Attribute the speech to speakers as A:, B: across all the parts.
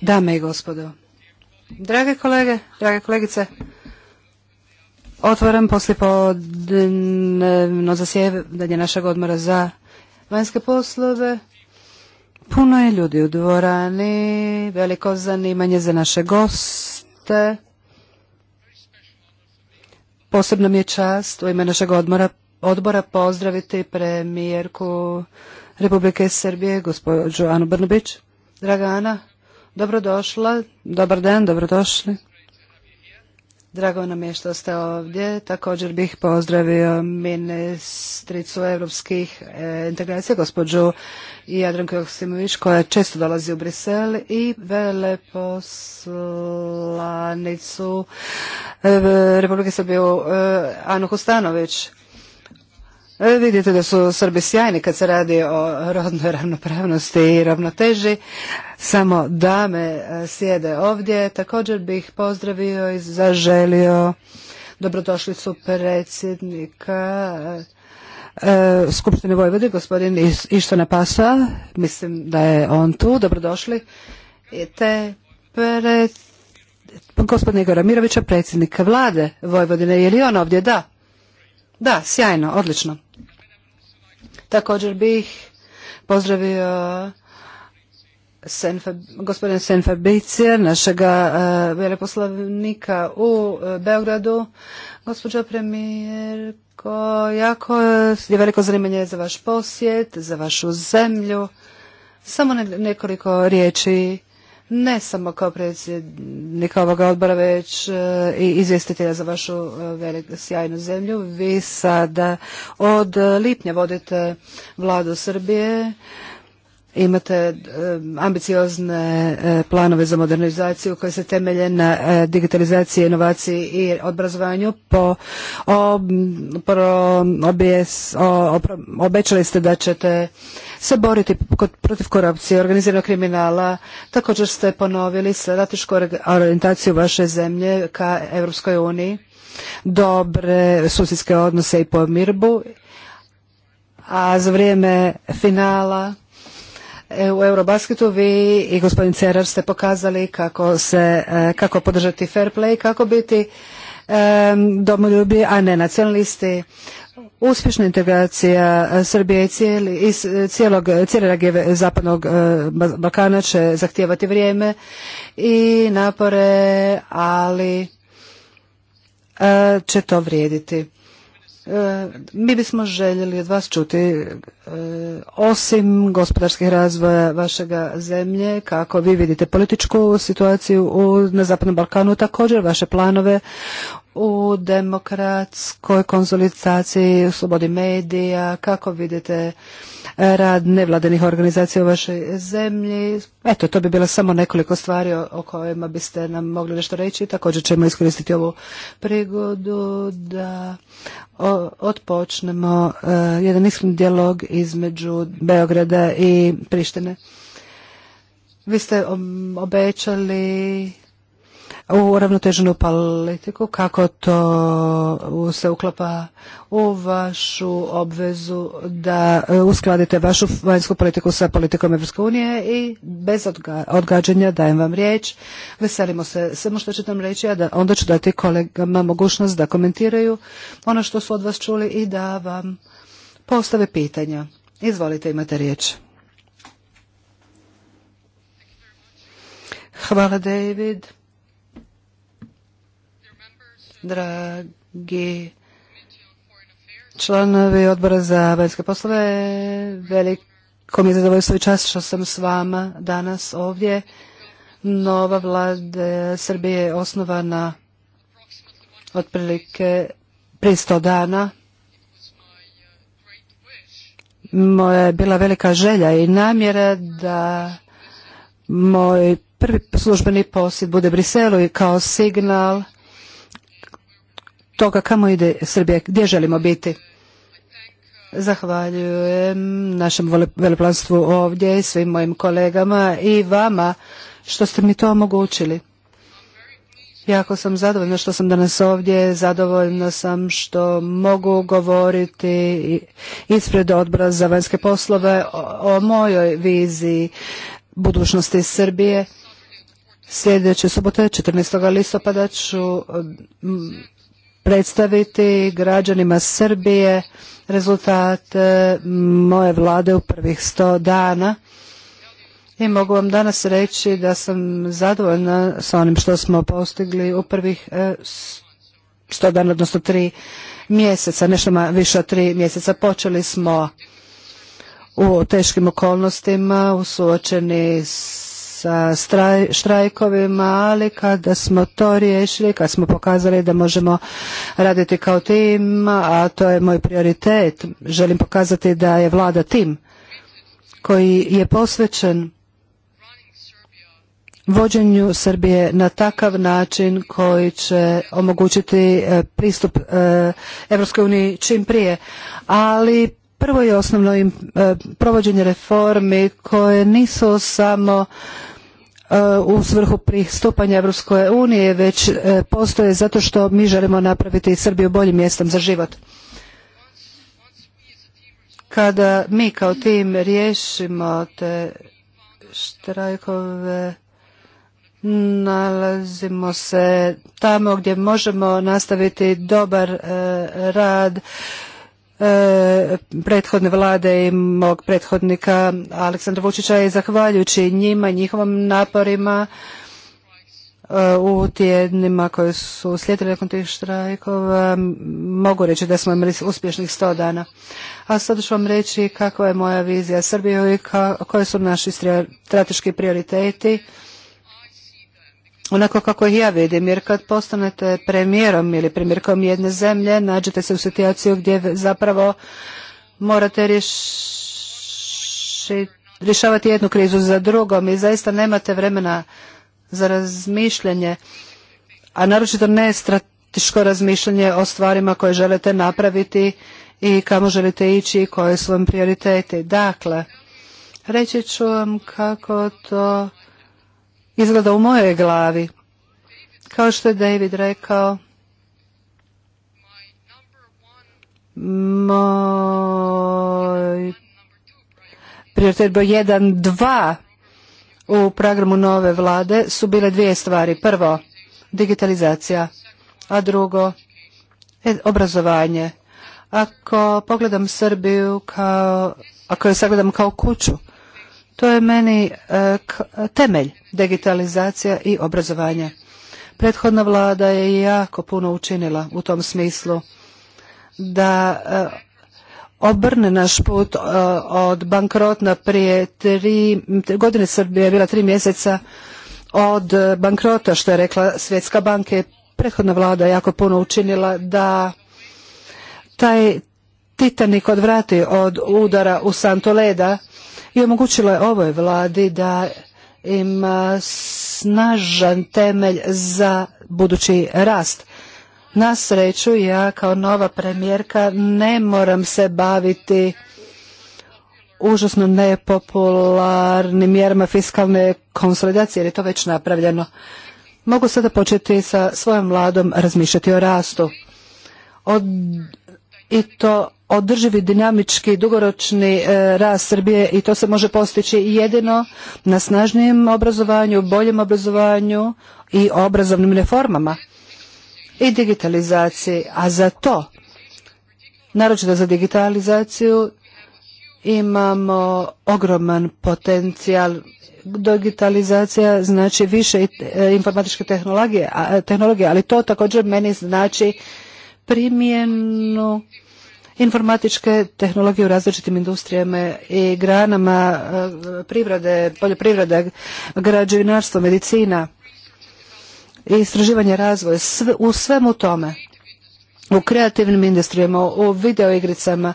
A: Dame i gospodo. Drage kolege, drage kolegice. Otvaram za zasjedanje našeg odmora za vanjske poslove. Puno je ljudi u dvorani, veliko zanimanje za naše goste. Posebno mi je čast u ime našeg odbora pozdraviti premijerku Republike Srbije, gospođu Anu Brnobić. Draga Ana, dobrodošla, dobar dan, dobrodošli. Drago nam je što ste ovdje. Također bih pozdravio ministricu europskih e, integracija, gospođu Jadranku Joksimović, koja često dolazi u Brisel i veleposlanicu e, Republike Srbije e, Anu Kustanović. E, vidite da su Srbi sjajni kad se radi o rodnoj ravnopravnosti i ravnoteži. Samo dame e, sjede ovdje. Također bih pozdravio i zaželio dobrodošlicu predsjednika e, Skupštine Vojvode, gospodin Ištona Pasa. Mislim da je on tu. Dobrodošli. Te pred gospodina Igora Mirovića, predsjednika vlade Vojvodine. Je li on ovdje? Da. Da, sjajno, odlično. Također bih pozdravio gospodin Sen našega eh, veleposlovnika u eh, Beogradu. Gospođo premijerko, jako je veliko zanimanje za vaš posjet, za vašu zemlju. Samo nekoliko riječi ne samo kao predsjednik ovoga odbora, već e, i izvjestitelja za vašu e, sjajnu zemlju. Vi sada od lipnja vodite vladu Srbije. Imate e, ambiciozne e, planove za modernizaciju koje se temelje na e, digitalizaciji, inovaciji i obrazovanju. Po, obećali ste da ćete se boriti protiv korupcije, organiziranog kriminala. Također ste ponovili stratešku orijentaciju vaše zemlje ka Europskoj uniji, dobre susjedske odnose i pomirbu. A za vrijeme finala E, u Eurobasketu vi i gospodin Cerar ste pokazali kako, se, e, kako podržati fair play, kako biti e, domoljubi, a ne nacionalisti. Uspješna integracija Srbije i cijelog, cijelog, zapadnog Balkana će zahtijevati vrijeme i napore, ali će to vrijediti. E, mi bismo željeli od vas čuti e, osim gospodarskih razvoja vašega zemlje, kako vi vidite političku situaciju na Zapadnom Balkanu, također vaše planove u demokratskoj konsolidaciji, u slobodi medija, kako vidite rad nevladinih organizacija u vašoj zemlji. Eto, to bi bilo samo nekoliko stvari o kojima biste nam mogli nešto reći. Također ćemo iskoristiti ovu prigodu da otpočnemo eh, jedan iskren dijalog između Beograda i Prištine. Vi ste obećali u ravnoteženu politiku, kako to se uklapa u vašu obvezu da e, uskladite vašu vanjsku politiku sa politikom Evropske unije i bez odgađanja dajem vam riječ. Veselimo se samo što ćete nam reći, a da onda ću dati kolegama mogućnost da komentiraju ono što su od vas čuli i da vam postave pitanja. Izvolite, imate riječ. Hvala David dragi članovi odbora za vanjske poslove. Veliko mi je zadovoljstvo i čast što sam s vama danas ovdje. Nova vlada Srbije je osnovana otprilike prije sto dana. Moja je bila velika želja i namjera da moj prvi službeni posjet bude Briselu i kao signal toga kamo ide Srbija, gdje želimo biti. Zahvaljujem našem veleplanstvu ovdje i svim mojim kolegama i vama što ste mi to omogućili. Jako sam zadovoljna što sam danas ovdje, zadovoljna sam što mogu govoriti ispred odbora za vanjske poslove o, mojoj viziji budućnosti Srbije. Sljedeće subote, 14. listopada, ću predstaviti građanima Srbije rezultat e, moje vlade u prvih sto dana. I mogu vam danas reći da sam zadovoljna sa onim što smo postigli u prvih e, sto dana, odnosno tri mjeseca, nešto više od tri mjeseca. Počeli smo u teškim okolnostima, suočeni s sa štrajkovima, ali kada smo to riješili, kad smo pokazali da možemo raditi kao tim, a to je moj prioritet, želim pokazati da je vlada tim koji je posvećen vođenju Srbije na takav način koji će omogućiti e, pristup EU uniji čim prije. Ali prvo i osnovno e, provođenje reformi koje nisu samo E, u svrhu pristupanja Europskoj unije, već e, postoje zato što mi želimo napraviti Srbiju boljim mjestom za život. Kada mi kao tim riješimo te štrajkove, nalazimo se tamo gdje možemo nastaviti dobar e, rad E, prethodne vlade i mog prethodnika Aleksandra Vučića i zahvaljujući njima i njihovim naporima e, u tjednima koji su slijedili nakon tih štrajkova mogu reći da smo imali uspješnih sto dana. A sad ću vam reći kakva je moja vizija Srbije i koje su naši strateški prioriteti onako kako ih ja vidim, jer kad postanete premijerom ili premijerkom jedne zemlje, nađete se u situaciju gdje zapravo morate rješavati jednu krizu za drugom i zaista nemate vremena za razmišljanje, a naročito ne strateško razmišljanje o stvarima koje želite napraviti i kamo želite ići i koje su vam prioriteti. Dakle, reći ću vam kako to izgleda u mojoj glavi. Kao što je David rekao, moj prioritet broj 1, 2 u programu nove vlade su bile dvije stvari. Prvo, digitalizacija, a drugo, obrazovanje. Ako pogledam Srbiju kao, ako je sagledam kao kuću, to je meni e, temelj digitalizacija i obrazovanje. Prethodna vlada je jako puno učinila u tom smislu da e, obrne naš put e, od bankrotna prije tri godine Srbije bila tri mjeseca od bankrota što je rekla Svjetska banka prethodna vlada je jako puno učinila da taj Titanik odvrati od udara u santo leda i omogućilo je ovoj vladi da ima e, snažan temelj za budući rast. Na sreću ja kao nova premijerka ne moram se baviti užasno nepopularnim mjerama fiskalne konsolidacije jer je to već napravljeno. Mogu sada početi sa svojom vladom razmišljati o rastu. Od i to održivi dinamički dugoročni e, rast Srbije i to se može postići jedino na snažnijem obrazovanju, boljem obrazovanju i obrazovnim reformama i digitalizaciji. A za to, naročito za digitalizaciju, imamo ogroman potencijal digitalizacija znači više e, informatičke tehnologije, a, tehnologije, ali to također meni znači primjenu informatičke tehnologije u različitim industrijama i granama eh, privrede, poljoprivrede, građevinarstvo, medicina i istraživanje razvoja u svemu tome u kreativnim industrijama, u videoigricama,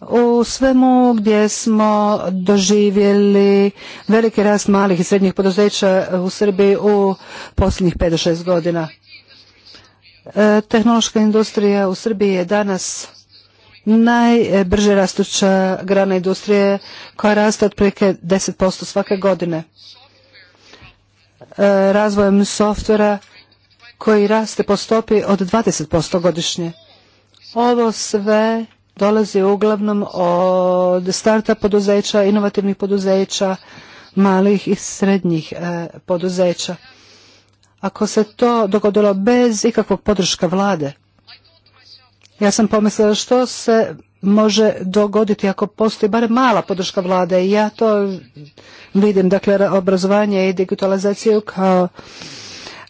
A: u svemu gdje smo doživjeli veliki rast malih i srednjih poduzeća u Srbiji u posljednjih 5 do 6 godina. E, tehnološka industrija u Srbiji je danas najbrže rastuća grana industrije koja raste otprilike 10% svake godine. E, razvojem softvera koji raste po stopi od 20% godišnje. Ovo sve dolazi uglavnom od starta poduzeća, inovativnih poduzeća, malih i srednjih e, poduzeća ako se to dogodilo bez ikakvog podrška vlade. Ja sam pomislila što se može dogoditi ako postoji barem mala podrška vlade i ja to vidim, dakle, obrazovanje i digitalizaciju kao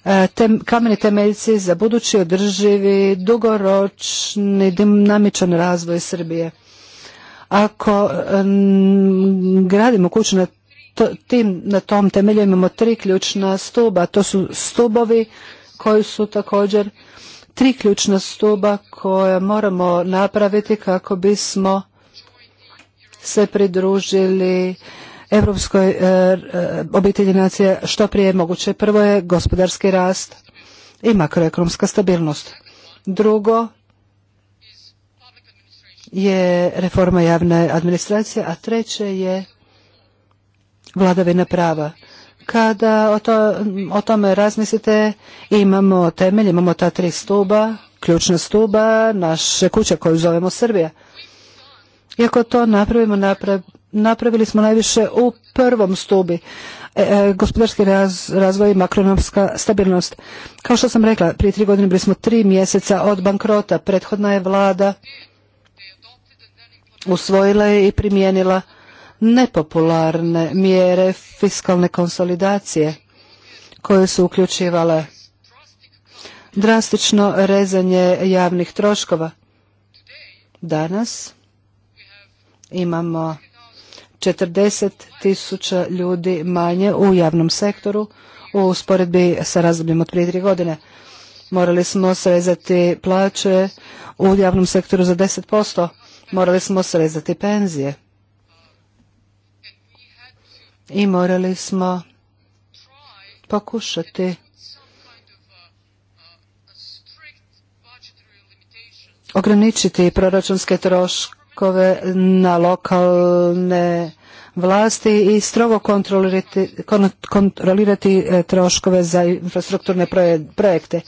A: e, tem, kameni temeljci za budući održivi, dugoročni, dinamičan razvoj Srbije. Ako gradimo kuću na tom temelju imamo tri ključna stuba. To su stubovi koji su također tri ključna stuba koja moramo napraviti kako bismo se pridružili Europskoj e, e, obitelji nacija što prije moguće. Prvo je gospodarski rast i makroekonomska stabilnost. Drugo je reforma javne administracije, a treće je vladavina prava. Kada o, tome razmislite, imamo temelj, imamo ta tri stuba, ključna stuba, naše kuća koju zovemo Srbija. Iako to napravimo, napravili smo najviše u prvom stubi e, e, gospodarski razvoj i makronomska stabilnost. Kao što sam rekla, prije tri godine bili smo tri mjeseca od bankrota. Prethodna je vlada usvojila je i primijenila nepopularne mjere fiskalne konsolidacije koje su uključivale drastično rezanje javnih troškova. Danas imamo 40.000 ljudi manje u javnom sektoru u usporedbi sa razdobljem od prije tri godine. Morali smo srezati plaće u javnom sektoru za 10%, morali smo srezati penzije i morali smo pokušati ograničiti proračunske troškove na lokalne vlasti i strogo kontrolirati, kontrolirati e, troškove za infrastrukturne projekte.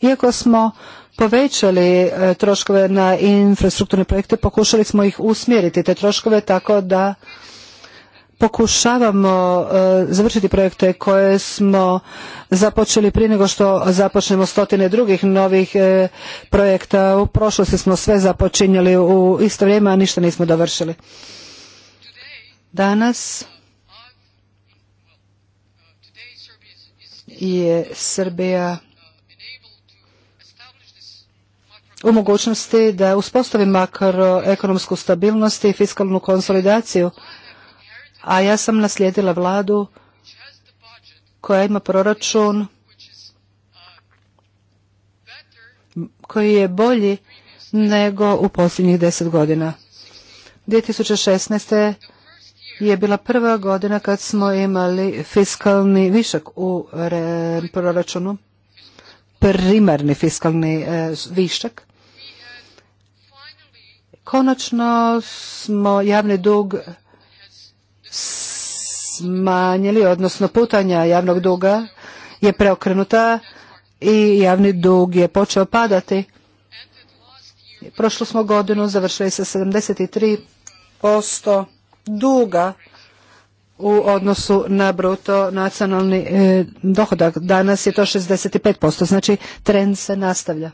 A: Iako smo povećali e, troškove na infrastrukturne projekte, pokušali smo ih usmjeriti, te troškove tako da pokušavamo e, završiti projekte koje smo započeli prije nego što započnemo stotine drugih novih e, projekta. U prošlosti smo sve započinjali u isto vrijeme, a ništa nismo dovršili. Danas je Srbija u mogućnosti da uspostavi makroekonomsku stabilnost i fiskalnu konsolidaciju a ja sam naslijedila vladu koja ima proračun koji je bolji nego u posljednjih deset godina. 2016. je bila prva godina kad smo imali fiskalni višak u proračunu, primarni fiskalni e, višak. Konačno smo javni dug smanjili, odnosno putanja javnog duga je preokrenuta i javni dug je počeo padati. Prošlo smo godinu završili sa 73% duga u odnosu na bruto nacionalni eh, dohodak. Danas je to 65%, znači trend se nastavlja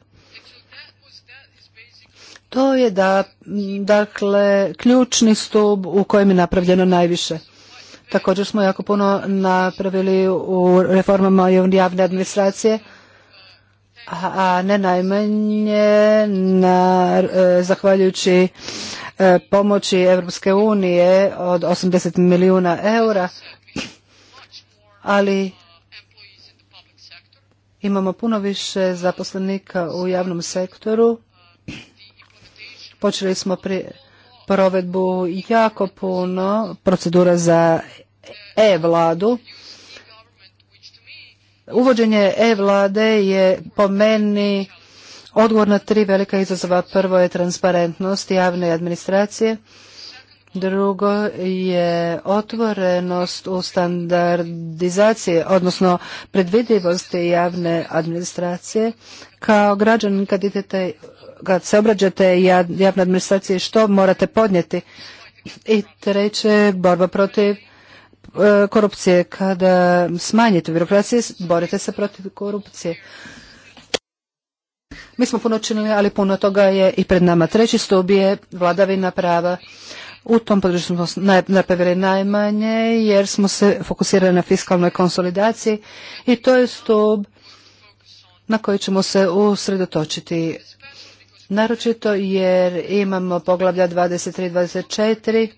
A: to je da, dakle, ključni stup u kojem je napravljeno najviše. Također smo jako puno napravili u reformama javne administracije, a ne najmanje e, zahvaljujući e, pomoći Europske unije od 80 milijuna eura, ali imamo puno više zaposlenika u javnom sektoru Počeli smo pri provedbu jako puno procedura za e-vladu. Uvođenje e-vlade je po meni odgovor na tri velika izazova. Prvo je transparentnost javne administracije. Drugo je otvorenost u standardizaciji, odnosno predvidivosti javne administracije. Kao građan kad idete kad se obrađate javnoj administraciji što morate podnijeti. I treće, borba protiv e, korupcije. Kada smanjite birokracije, borite se protiv korupcije. Mi smo puno činili, ali puno toga je i pred nama. Treći stup je vladavina prava. U tom području smo napravili najmanje jer smo se fokusirali na fiskalnoj konsolidaciji i to je stup na koji ćemo se usredotočiti naročito jer imamo poglavlja 23 i 24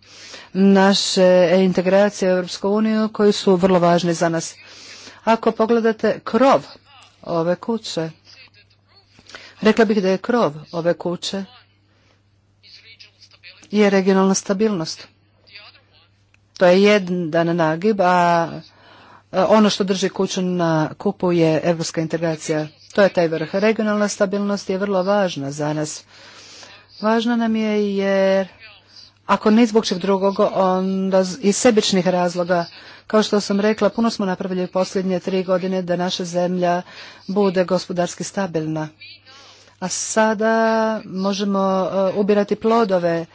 A: naše integracije u Europsku uniju koji su vrlo važni za nas. Ako pogledate krov ove kuće, rekla bih da je krov ove kuće je regionalna stabilnost. To je jedan nagib, a ono što drži kuću na kupu je evropska integracija. To je taj vrh. Regionalna stabilnost je vrlo važna za nas. Važna nam je jer ako ne zbog čeg drugog, onda iz sebičnih razloga. Kao što sam rekla, puno smo napravili u posljednje tri godine da naša zemlja bude gospodarski stabilna. A sada možemo e, ubirati plodove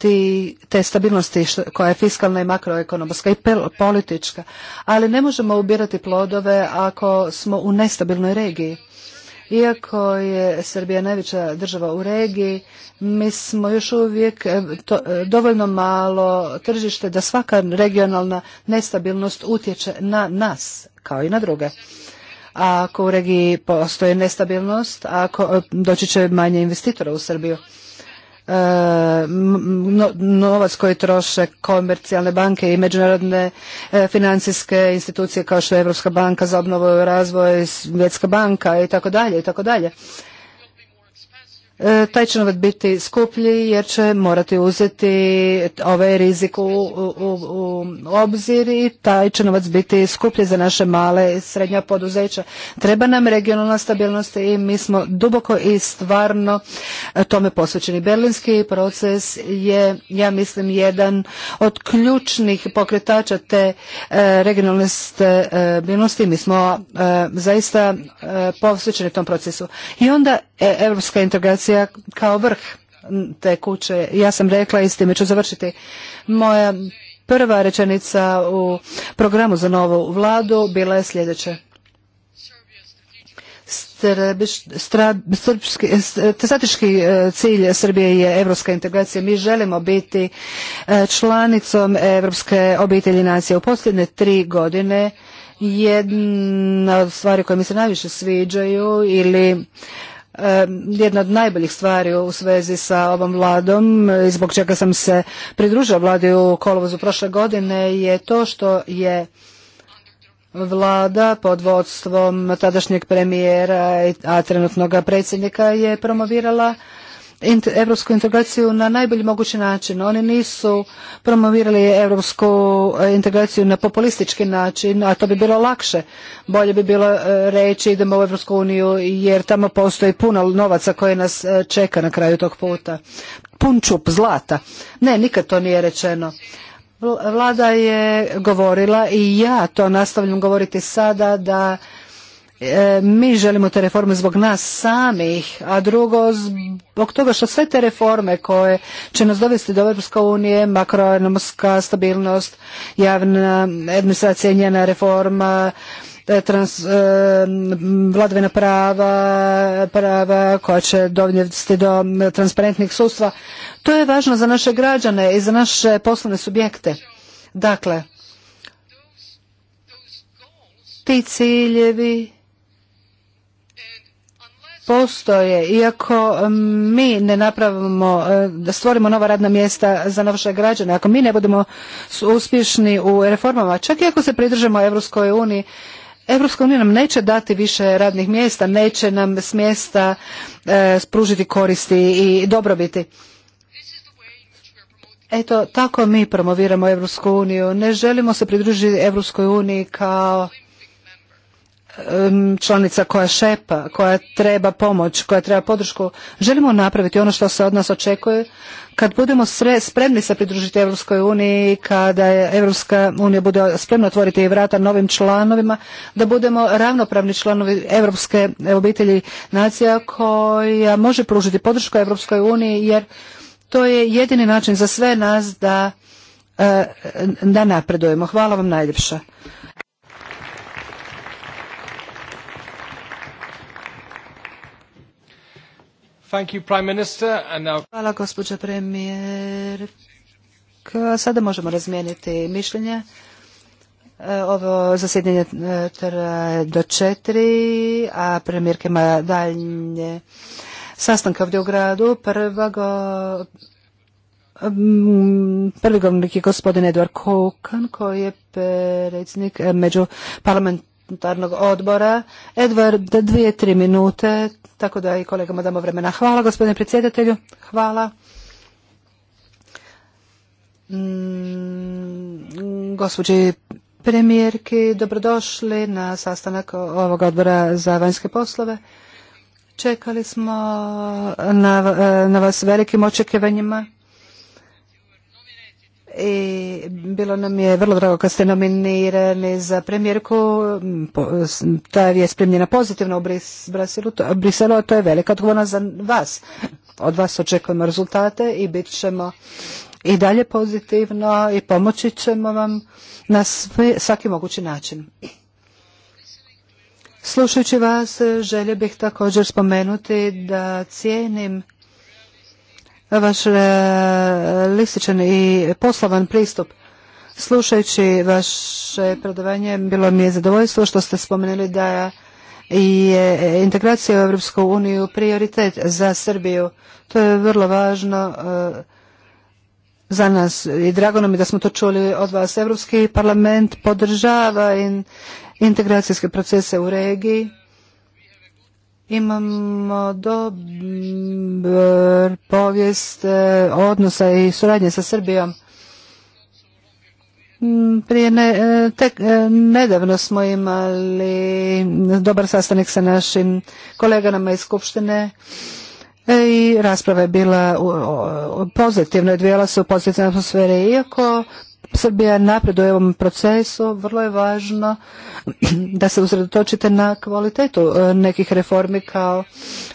A: ti, te stabilnosti koja je fiskalna i makroekonomska i politička, ali ne možemo ubirati plodove ako smo u nestabilnoj regiji. Iako je Srbija najveća država u regiji, mi smo još uvijek e, e, dovoljno malo tržište da svaka regionalna nestabilnost utječe na nas kao i na druge. A ako u regiji postoji nestabilnost, ako e, doći će manje investitora u Srbiju. E, novac koji troše komercijalne banke i međunarodne e, financijske institucije kao što je Europska banka za obnovu i razvoj, Svjetska banka i tako dalje i tako dalje. E, taj će novac biti skuplji jer će morati uzeti ovaj rizik u, obzir i taj će novac biti skuplji za naše male i srednja poduzeća. Treba nam regionalna stabilnost i mi smo duboko i stvarno e, tome posvećeni. Berlinski proces je, ja mislim, jedan od ključnih pokretača te e, regionalne stabilnosti. Mi smo zaista posvećeni tom procesu. I onda europska integracija kao vrh te kuće. Ja sam rekla i s time ću završiti. Moja prva rečenica u programu za novu vladu bila je sljedeća. Strateški e, cilj Srbije je evropska integracija. Mi želimo biti e, članicom evropske obitelji nacije. U posljedne tri godine jedna od stvari koje mi se najviše sviđaju ili jedna od najboljih stvari u svezi sa ovom vladom e, i zbog čega sam se pridružila vladi u kolovozu prošle godine je to što je vlada pod vodstvom tadašnjeg premijera, a trenutnog predsjednika je promovirala evropsku integraciju na najbolji mogući način. Oni nisu promovirali evropsku e, integraciju na populistički način, a to bi bilo lakše. Bolje bi bilo e, reći idemo u Evropsku uniju jer tamo postoji puno novaca koje nas e, čeka na kraju tog puta. Pun čup zlata. Ne, nikad to nije rečeno. Vlada je govorila i ja to nastavljam govoriti sada da E, mi želimo te reforme zbog nas samih, a drugo zbog toga što sve te reforme koje će nas dovesti do Europske unije, makroekonomska stabilnost, javna administracija, njena reforma, e, trans, e, vladavina prava, prava koja će dovesti do transparentnih sudstva. To je važno za naše građane i za naše poslovne subjekte. Dakle, ti ciljevi postoje, iako mm, mi ne napravimo, eh, da stvorimo nova radna mjesta za naše građane, ako mi ne budemo uspješni u reformama, čak i ako se pridržemo Evropskoj uniji, Evropska unija nam neće dati više radnih mjesta, neće nam s mjesta spružiti eh, koristi i dobrobiti. Eto, tako mi promoviramo Evropsku uniju. Ne želimo se pridružiti Evropskoj uniji kao članica koja šepa, koja treba pomoć, koja treba podršku. Želimo napraviti ono što se od nas očekuje kad budemo spremni se pridružiti Europskoj uniji, kada je Europska unija bude spremna otvoriti vrata novim članovima, da budemo ravnopravni članovi Europske obitelji nacija koja može pružiti podršku Europskoj uniji jer to je jedini način za sve nas da, e, da napredujemo. Hvala vam najljepša. Hvala gospođa premijer. Sada možemo razmijeniti mišljenje. E, ovo zasjedanje e, traje do četiri, a premijerka ima daljnje sastanka ovdje u gradu. Prvi govornik je gospodin Eduard Kokan, koji je predsjednik e, među parlament parlamentarnog odbora. Edward, dvije, tri minute, tako da i kolegama damo vremena. Hvala gospodine predsjedatelju, hvala. Mm, gospođi premijerki, dobrodošli na sastanak ovog odbora za vanjske poslove. Čekali smo na, na vas velikim očekivanjima i bilo nam je vrlo drago kad ste nominirani za premijerku. Mm, ta je spremljena pozitivno u Briselu, a to je velika odgovorna za vas. Od vas očekujemo rezultate i bit ćemo i dalje pozitivno i pomoći ćemo vam na svaki mogući način. Slušajući vas, želio bih također spomenuti da cijenim vaš e, lističan i poslovan pristup. Slušajući vaše predavanje, bilo mi je zadovoljstvo što ste spomenuli da je integracija u Europsku uniju prioritet za Srbiju. To je vrlo važno e, za nas i drago nam je da smo to čuli od vas. Europski parlament podržava integracijske procese u regiji Imamo dobar povijest e, odnosa i suradnje sa Srbijom. Mm, prije ne, e, tek e, nedavno smo imali dobar sastanak sa našim kolegama iz Skupštine i rasprava je bila pozitivna, odvijala se u pozitivnoj atmosferi, iako Srbija napreduje u ovom procesu, vrlo je važno da se usredotočite na kvalitetu e, nekih reformi kao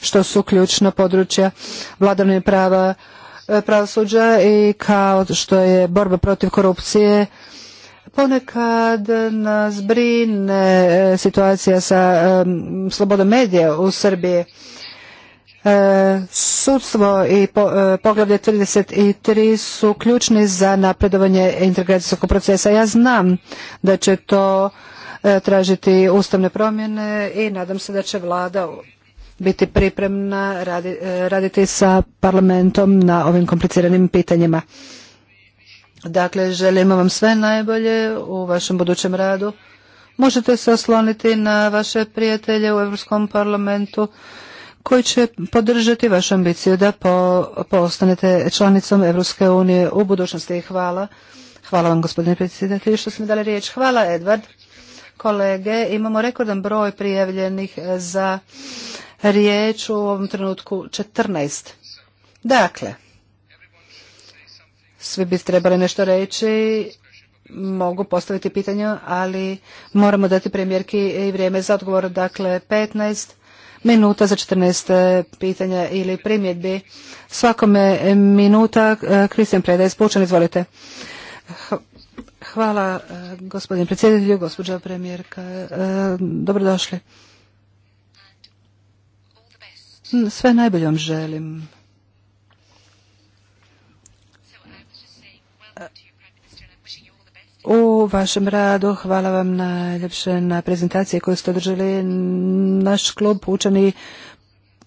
A: što su ključna područja vladavine prava e, pravosuđa i kao što je borba protiv korupcije. Ponekad nas brine e, situacija sa slobodom medija u Srbiji E, sudstvo i e, poglavlje 33 su ključni za napredovanje integracijskog procesa. Ja znam da će to e, tražiti ustavne promjene i nadam se da će vlada biti pripremna raditi sa parlamentom na ovim kompliciranim pitanjima. Dakle, želimo vam sve najbolje u vašem budućem radu. Možete se osloniti na vaše prijatelje u Europskom parlamentu koji će podržati vašu ambiciju da postanete članicom Evropske unije u budućnosti. Hvala. Hvala vam gospodine predsjedatelji što ste mi dali riječ. Hvala Edvard. Kolege, imamo rekordan broj prijavljenih za riječ u ovom trenutku 14. Dakle, svi bi trebali nešto reći, mogu postaviti pitanje, ali moramo dati premijerki i vrijeme za odgovor. Dakle, 15 minuta za 14 e, pitanja ili primjedbi. Svakome minuta. E, Kristijan Predaj, Spučan, izvolite. Hvala e, gospodin predsjedatelju, gospođa premijerka. Dobrodošli. Sve najbolje vam želim. u vašem radu. Hvala vam najljepše na prezentaciji koju ste održali. Naš klub učeni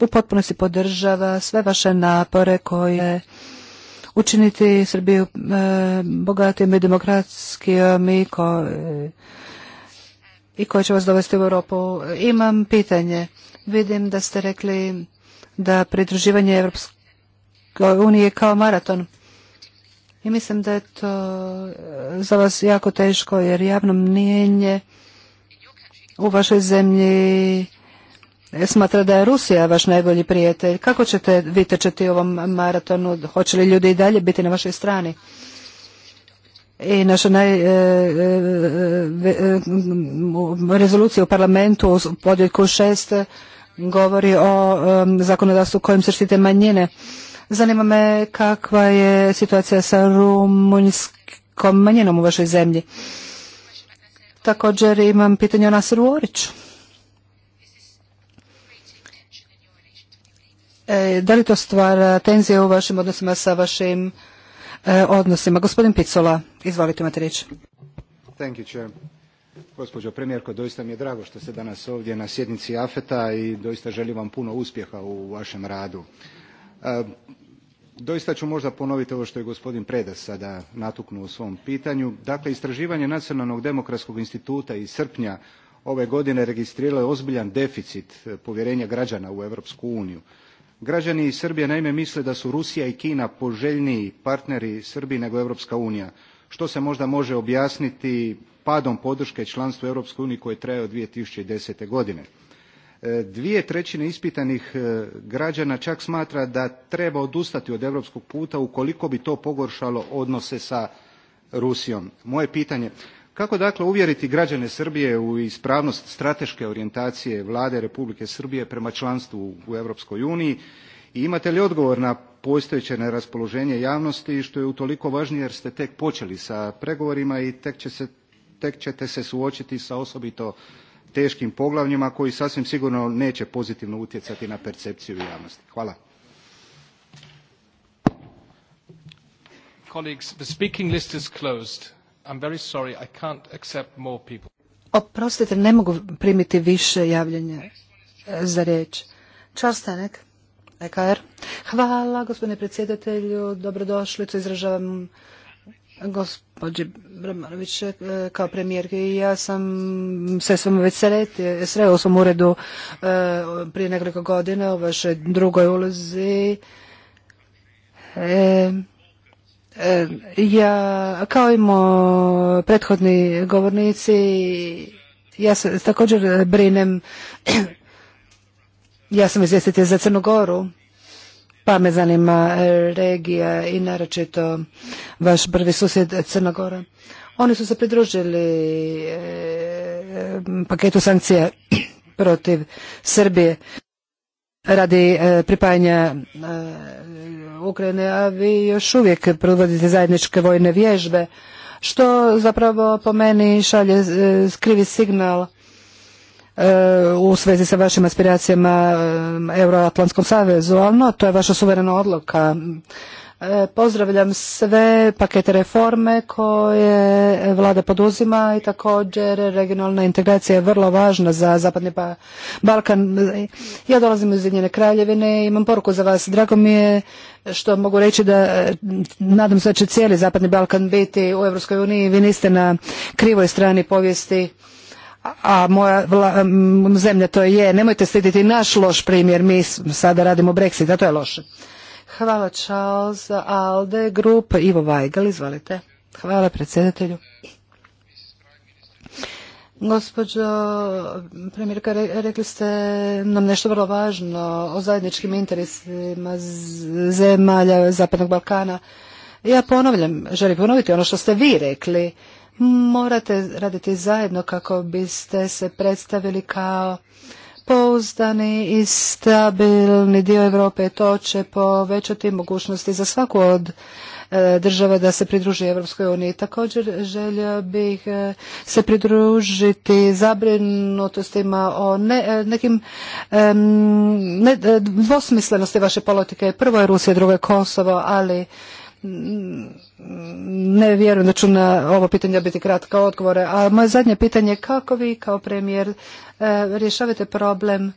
A: u potpunosti podržava sve vaše napore koje učiniti Srbiju bogatim e, bogatijom i demokratskijom i, koje će vas dovesti u Europu. Imam pitanje. Vidim da ste rekli da pridruživanje europske unije kao maraton. I mislim da je to e, za vas jako teško jer javno mnijenje u vašoj zemlji e, smatra da je Rusija vaš najbolji prijatelj. Kako ćete vi tečeti ovom maratonu? Hoće li ljudi i dalje biti na vašoj strani? I naša naj, e, rezolucija u parlamentu u podjeljku šest govori o zakonodavstvu kojim se štite manjine. Zanima me kakva je situacija sa rumunjskom manjenom u vašoj zemlji. Također imam pitanje o Nasiru Oriću. E, da li to stvara tenzije u vašim odnosima sa vašim e, odnosima? Gospodin Picola, izvolite imate riječ.
B: Thank you, chair. Gospođo premijerko, doista mi je drago što ste danas ovdje na sjednici AFETA i doista želim vam puno uspjeha u vašem radu doista ću možda ponoviti ovo što je gospodin Predas sada natuknuo u svom pitanju dakle istraživanje nacionalnog demokratskog instituta iz srpnja ove godine registriralo je ozbiljan deficit e, povjerenja građana u europsku uniju građani iz srbije naime misle da su rusija i kina poželjniji partneri srbiji nego europska unija što se možda može objasniti padom podrške članstvu u europskoj uniji koje traje od. two thousand and godine E, dvije treine ispitanih e, graana ak smatra da treba odustati od europskog puta ukoliko bi to pogoršalo odnose s rusijom. moje pitanje kako dakle uvjeriti graane srbije u ispravnost strateške orijentacije vlade republike srbije prema članstvu u europskoj uniji i imate li odgovor na postojeće neraspoloženje javnosti što je utoliko važnije jer ste tek počeli sa pregovorima i tek ćete se suočiti s osobito teškim poglavljima koji sasvim sigurno neće pozitivno utjecati na percepciju javnosti. Hvala.
A: Oprostite, ne mogu primiti više javljanja e, za riječ. Charles EKR. E Hvala, gospodine predsjedatelju, dobrodošlicu, izražavam Gospođe Bramanović, e, kao premijer, ja sam se s vama već sreo u svom uredu e, prije nekoliko godina u vašoj drugoj ulozi. E, ja, kao i mo prethodni govornici, ja se također brinem, ja sam izvjestitelj za Crnu Goru pa me zanima e, regija i naročito vaš prvi susjed Crna Gora. Oni su se pridružili e, paketu sankcija protiv Srbije radi e, pripajanja Ukrajine, a vi još uvijek provodite zajedničke vojne vježbe, što zapravo po meni šalje krivi signal E, u svezi sa vašim aspiracijama e, Euroatlantskom savezu, ali no, to je vaša suverena odluka. E, pozdravljam sve pakete reforme koje vlada poduzima i također regionalna integracija je vrlo važna za Zapadni pa- Balkan. Ja dolazim iz Ujedinjene kraljevine i imam poruku za vas. Drago mi je što mogu reći da nadam se da će cijeli Zapadni Balkan biti u EU. uniji. Vi niste na krivoj strani povijesti a moja zemlja to je, nemojte slijediti naš loš primjer, mi sada radimo Brexit, a to je loše. Hvala Charles, Alde, Grup, Ivo Vajgal, izvolite. Hvala predsjedatelju. Gospođo premijerka, rekli ste nam nešto vrlo važno o zajedničkim interesima zemalja Zapadnog Balkana. Ja ponavljam, želim ponoviti ono što ste vi rekli morate raditi zajedno kako biste se predstavili kao pouzdani i stabilni dio Europe. To će povećati mogućnosti za svaku od e, država da se pridruži Europskoj uniji. Također želio bih e, se pridružiti zabrinutostima o e, nekim dvosmislenosti vaše politike. Prvo je Rusija, drugo je Kosovo, ali ne vjerujem da ću na ovo pitanje biti kratka odgovore, a moje zadnje pitanje je kako vi kao premijer e, rješavate problem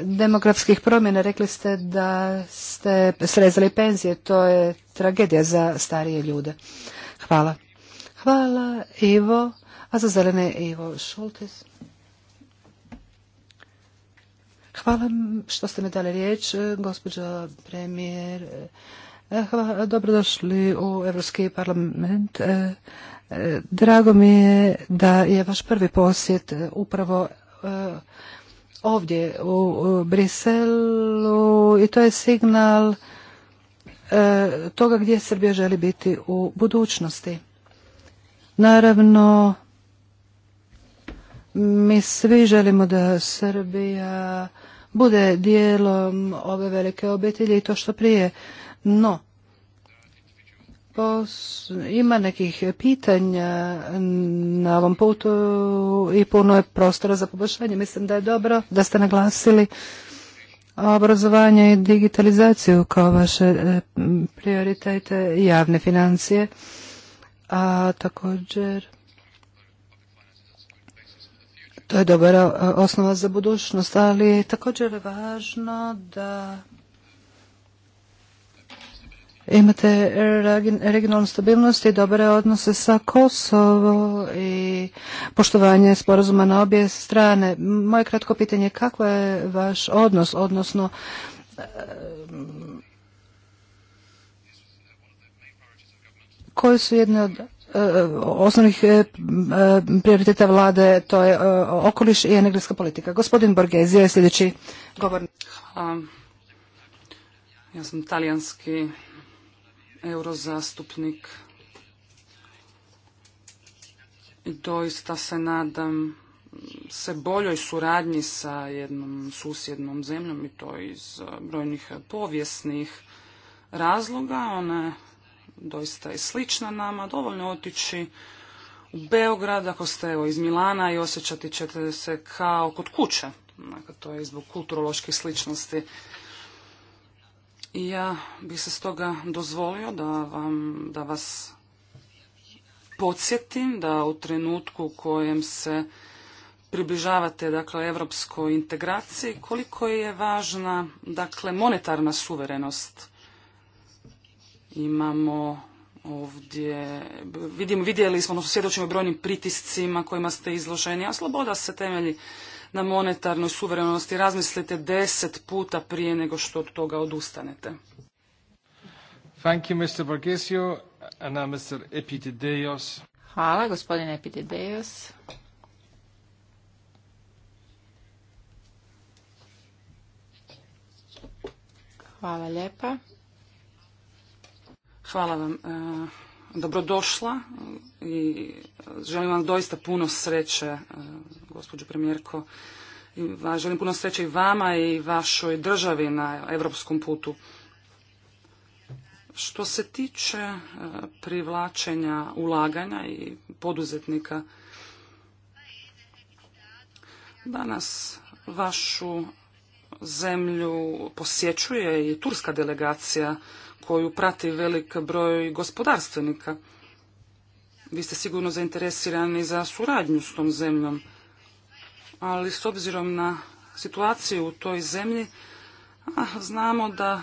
A: demografskih promjena. Rekli ste da ste srezali penzije, to je tragedija za starije ljude. Hvala. Hvala Ivo, a za zelene Ivo Šultis. Hvala što ste mi dali riječ, e, gospođo premijer. E, e, dobrodošli u Europski parlament. Drago mi je da je vaš prvi posjet upravo ovdje u Briselu i to je signal toga gdje Srbija želi biti u budućnosti. Naravno, mi svi želimo da Srbija bude dijelom ove velike obitelji i to što prije. No, ima nekih pitanja na ovom putu i puno je prostora za poboljšanje. Mislim da je dobro da ste naglasili obrazovanje i digitalizaciju kao vaše e, prioritete javne financije, a također to je dobra osnova za budućnost, ali je također važno da imate regionalnu stabilnost i dobre odnose sa Kosovo i poštovanje sporazuma na obje strane. Moje kratko pitanje je kako je vaš odnos, odnosno koje su jedne od E, osnovnih e, e, prioriteta vlade, to je okoliš i energetska politika. Gospodin Borgezio je sljedeći
C: govornik. Ja sam talijanski eurozastupnik i doista se nadam se boljoj suradnji sa jednom susjednom zemljom i to iz brojnih povijesnih razloga. Ona doista je slična nama, dovoljno otići u Beograd, ako ste evo, iz Milana i osjećati ćete se kao kod kuće. Dakle, to je zbog kulturoloških sličnosti. I ja bih se stoga dozvolio da, vam, da vas podsjetim da u trenutku u kojem se približavate dakle europskoj integraciji koliko je važna dakle monetarna suverenost Imamo ovdje, vidim, vidjeli smo, odnosno svjedočimo brojnim pritiscima kojima ste izloženi, a sloboda se temelji na monetarnoj suverenosti. Razmislite deset puta prije nego što
D: od toga odustanete.
B: Thank you, Mr. And Mr.
D: Hvala, gospodine Epitideos. Hvala lijepa. Hvala vam. E,
C: dobrodošla i želim vam doista puno sreće, e, gospođo premijerko. Želim puno sreće i vama i vašoj državi na evropskom putu. Što se tiče e, privlačenja ulaganja i poduzetnika, danas vašu zemlju posjećuje i turska delegacija koju prati velik broj gospodarstvenika. Vi ste sigurno zainteresirani za suradnju s tom zemljom, ali s obzirom na situaciju u toj zemlji, znamo da e,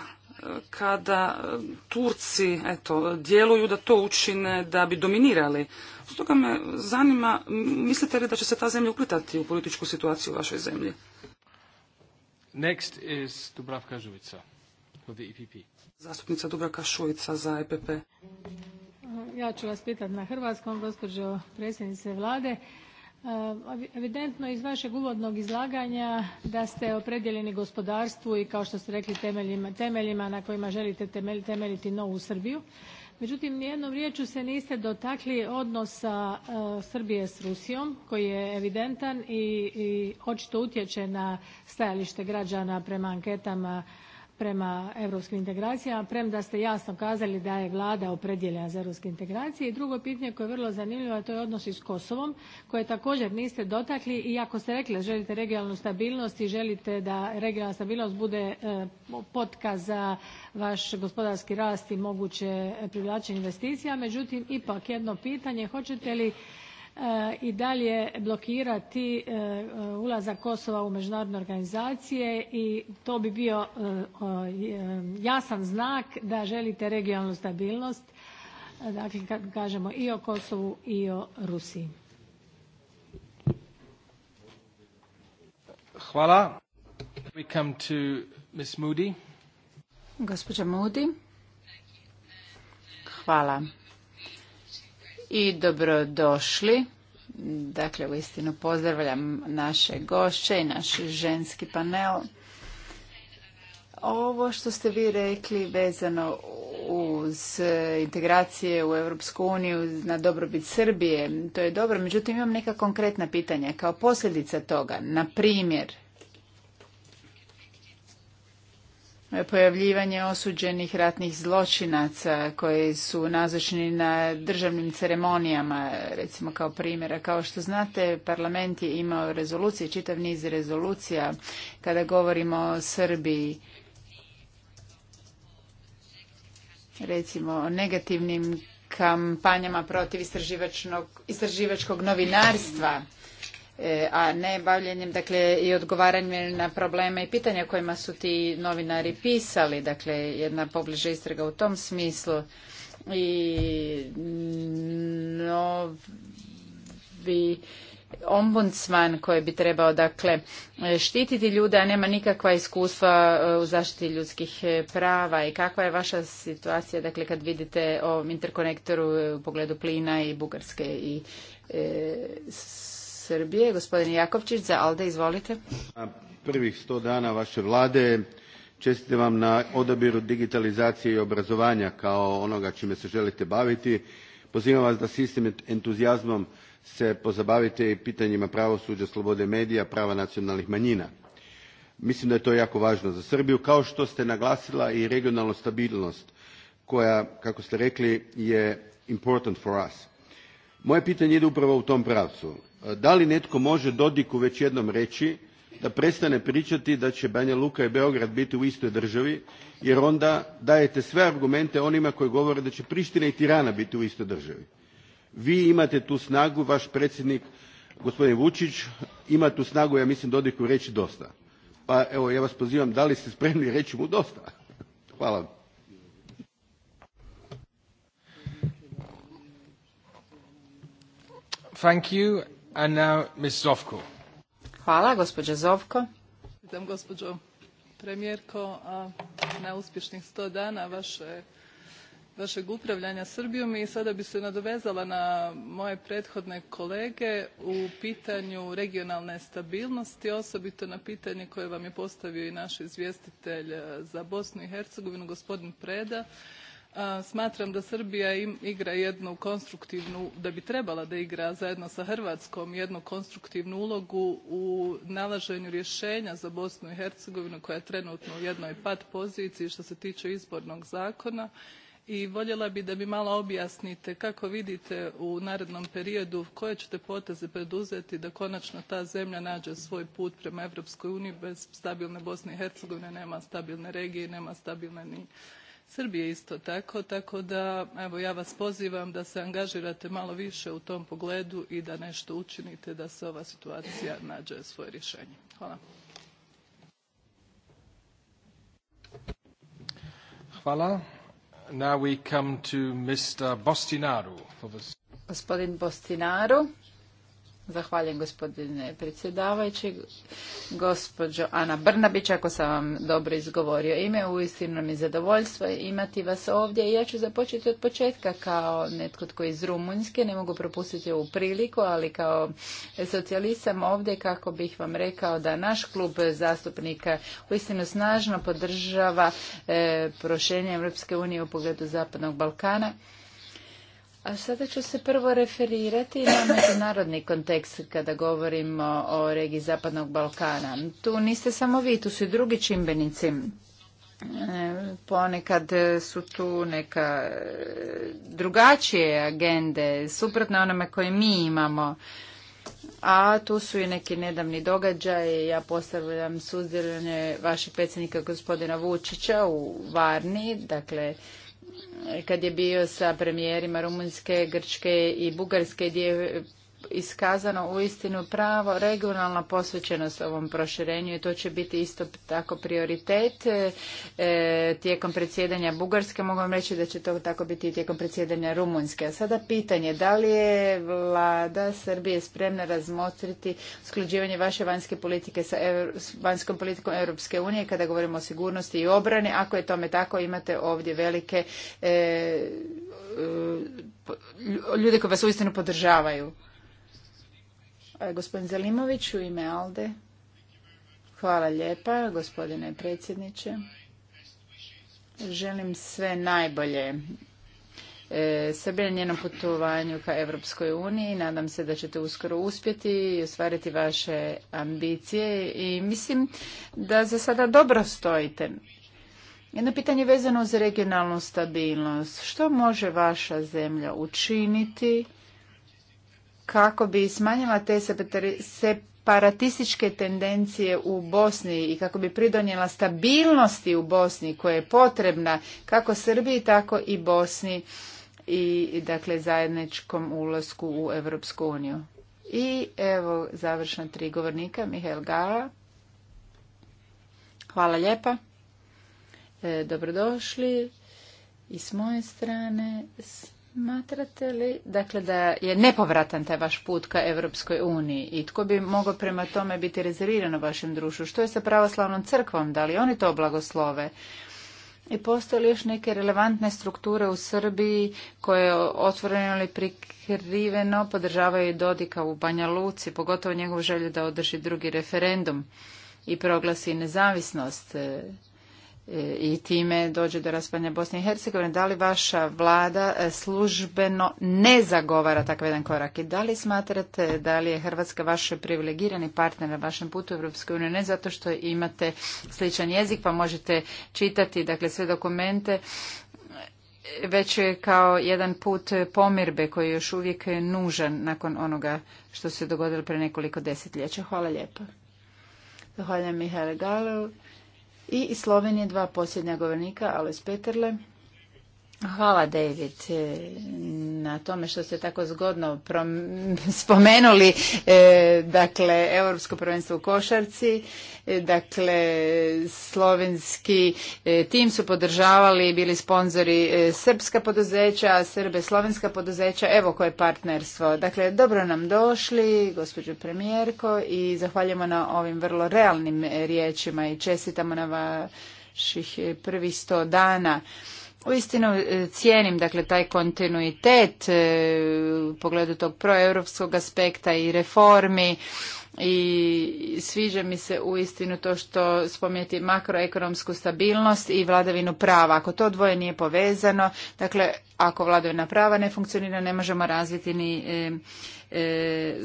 C: kada e, Turci eto, djeluju da to učine da bi dominirali. Stoga me zanima, mislite li da će se ta zemlja uplitati u političku situaciju u vašoj zemlji?
B: Next is Dubravka Žuvica, the EPP.
E: Zastupnica
C: Dubravka za EPP.
E: Ja ću vas pitati na hrvatskom, gospođo predsjednice vlade. E, evidentno iz vašeg uvodnog izlaganja da ste opredjeljeni gospodarstvu i kao što ste rekli temeljima, temeljima na kojima želite temeljiti novu Srbiju. Međutim, nijednom riječju se niste dotakli odnosa e, Srbije s Rusijom koji je evidentan i, i očito utječe na stajalište građana prema anketama prema europskim integracijama premda ste jasno kazali da je vlada opredjeljena za europske integracije. i drugo pitanje koje je vrlo zanimljivo a to je odnosi s kosovom koje također niste dotakli i ako ste rekli da želite regionalnu stabilnost i želite da regionalna stabilnost bude e, potka za vaš gospodarski rast i moguće privlačenje investicija međutim ipak jedno pitanje hoćete li i dalje blokirati e, e, ulazak Kosova u međunarodne organizacije i to bi bio e, jasan znak da želite regionalnu stabilnost, dakle kad kažemo i o Kosovu i o Rusiji.
F: Hvala. We
D: Hvala i dobrodošli. Dakle, u istinu pozdravljam naše gošće i naš ženski panel. Ovo što ste vi rekli vezano uz integracije u Europsku uniju na dobrobit Srbije, to je dobro, međutim imam neka konkretna pitanja kao posljedica toga. Na primjer, pojavljivanje osuđenih ratnih zločinaca koji su nazočni na državnim ceremonijama, recimo kao primjera. Kao što znate, parlament je imao rezolucije, čitav niz rezolucija kada govorimo o Srbiji. Recimo o negativnim kampanjama protiv istraživačkog novinarstva E, a ne bavljenjem dakle, i odgovaranjem na probleme i pitanja kojima su ti novinari pisali, dakle jedna pobliža istraga u tom smislu i novi ombudsman koji bi trebao dakle štititi ljude, a nema nikakva iskustva e, u zaštiti ljudskih e, prava i kakva je vaša situacija dakle kad vidite o interkonektoru u pogledu plina i Bugarske i Srbije. Gospodin Jakovčić za Alde, izvolite.
B: prvih sto dana vaše vlade čestitam vam na odabiru digitalizacije i obrazovanja kao onoga čime se želite baviti. Pozivam vas da s istim entuzijazmom se pozabavite i pitanjima pravosuđa, slobode medija, prava nacionalnih manjina. Mislim da je to jako važno za Srbiju, kao što ste naglasila i regionalnu stabilnost koja, kako ste rekli, je important for us. Moje pitanje ide upravo u tom pravcu. E, da li netko može dodiku već jednom reći da prestane pričati da će banja luka i beograd biti u istoj državi jer onda dajete sve argumente onima koji govore da će priština i tirana biti u istoj državi. vi imate tu snagu vaš predsjednik gospodin vučić ima tu snagu ja mislim Dodiku, reći dosta pa evo ja vas pozivam da li ste spremni reći mu dosta? hvala. Thank And now, Zovko.
D: Hvala, Zovko.
F: Pitam gospođo premijerko na uspješnih sto dana vašeg upravljanja Srbijom i sada bi se nadovezala na moje prethodne kolege u pitanju regionalne stabilnosti, osobito na pitanje koje vam je postavio i naš izvjestitelj za Bosnu i Hercegovinu, gospodin Preda, smatram da srbija igra jednu konstruktivnu da bi trebala da igra zajedno sa hrvatskom jednu konstruktivnu ulogu u nalaženju rješenja za bosnu i hercegovinu koja je trenutno u jednoj pat poziciji što se tiče izbornog zakona i voljela bih da mi malo objasnite kako vidite u narednom periodu koje ćete poteze preduzeti da konačno ta zemlja nađe svoj put prema europskoj uniji bez stabilne bosne i hercegovine nema stabilne regije i nema stabilne ni Srbije isto tako, tako da evo ja vas pozivam da se angažirate malo više u tom pogledu i da nešto učinite da se ova situacija nađe svoje rješenje. Hvala.
D: Gospodin Bostinaru. Zahvaljujem gospodine predsjedavajući. Gospođo Ana Brnabić, ako sam vam dobro izgovorio ime, uistinu mi je zadovoljstvo imati vas ovdje. Ja ću započeti od početka kao netko tko je iz Rumunjske, ne mogu propustiti ovu priliku, ali kao socijalist sam ovdje kako bih vam rekao da naš klub zastupnika uistinu snažno podržava eh, prošenje Europske unije u pogledu Zapadnog Balkana. A sada ću se prvo referirati na međunarodni kontekst kada govorimo o regiji Zapadnog Balkana. Tu niste samo vi, tu su i drugi čimbenici. E, ponekad su tu neka e, drugačije agende, suprotne onome koje mi imamo. A tu su i neki nedavni događaj. Ja postavljam suzdjeljanje vašeg predsjednika gospodina Vučića u Varni. Dakle, kad je bio sa premijerima Rumunjske, Grčke i Bugarske gdje iskazano uistinu pravo regionalna posvećenost ovom proširenju i to će biti isto tako prioritet e, tijekom predsjedanja Bugarske. Mogu vam reći da će to tako biti i tijekom predsjedanja Rumunjske. A sada pitanje, da li je vlada Srbije spremna razmotriti usklađivanje vaše vanjske politike sa vanjskom politikom Europske unije kada govorimo o sigurnosti i obrani? Ako je tome tako, imate ovdje velike e, ljude koji vas uistinu podržavaju. E, gospodin Zelimović u ime Alde. Hvala lijepa, gospodine predsjedniče. Želim sve najbolje e, sebe njenom putovanju ka Evropskoj uniji. Nadam se da ćete uskoro uspjeti i ostvariti vaše ambicije i mislim da za sada dobro stojite. Jedno pitanje vezano za regionalnu stabilnost. Što može vaša zemlja učiniti kako bi smanjila te separatističke tendencije u Bosni i kako bi pridonijela stabilnosti u Bosni koja je potrebna kako Srbiji tako i Bosni i dakle zajedničkom ulasku u Europsku uniju. I evo završna tri govornika, Mihael Gala. Hvala lijepa. E, dobrodošli i s moje strane. S Smatrate li dakle, da je nepovratan taj vaš put ka Europskoj uniji i tko bi mogao prema tome biti rezerviran u vašem društvu? Što je sa pravoslavnom crkvom? Da li oni to blagoslove? I postoje li još neke relevantne strukture u Srbiji koje otvoreno ili prikriveno podržavaju Dodika u Banja Luci, pogotovo njegovu želju da održi drugi referendum i proglasi nezavisnost? E, i time dođe do raspadanja Bosne i Hercegovine. Da li vaša vlada e, službeno ne zagovara takav jedan korak? I da li smatrate da li je Hrvatska vaš privilegirani partner na vašem putu u Europskoj Ne zato što imate sličan jezik pa možete čitati dakle, sve dokumente, već kao jedan put pomirbe koji je još uvijek nužan nakon onoga što se dogodilo pre nekoliko desetljeća. Hvala lijepa. Zahvaljujem Mihajle i iz Slovenije dva posljednja govornika, Ales Peterle Hvala David e, na tome što ste tako zgodno spomenuli e, dakle Europsko prvenstvo u košarci e, dakle slovenski tim su podržavali bili sponzori srpska poduzeća, Srbe slovenska poduzeća evo koje partnerstvo dakle dobro nam došli gospođo premijerko i zahvaljujemo na ovim vrlo realnim riječima i čestitamo na vaših prvih sto dana Uistinu e, cijenim dakle taj kontinuitet e, u pogledu tog proeuropskog aspekta i reformi i sviđa mi se uistinu to što spomjeti makroekonomsku stabilnost i vladavinu prava. Ako to dvoje nije povezano, dakle ako vladavina prava ne funkcionira ne možemo razviti ni e,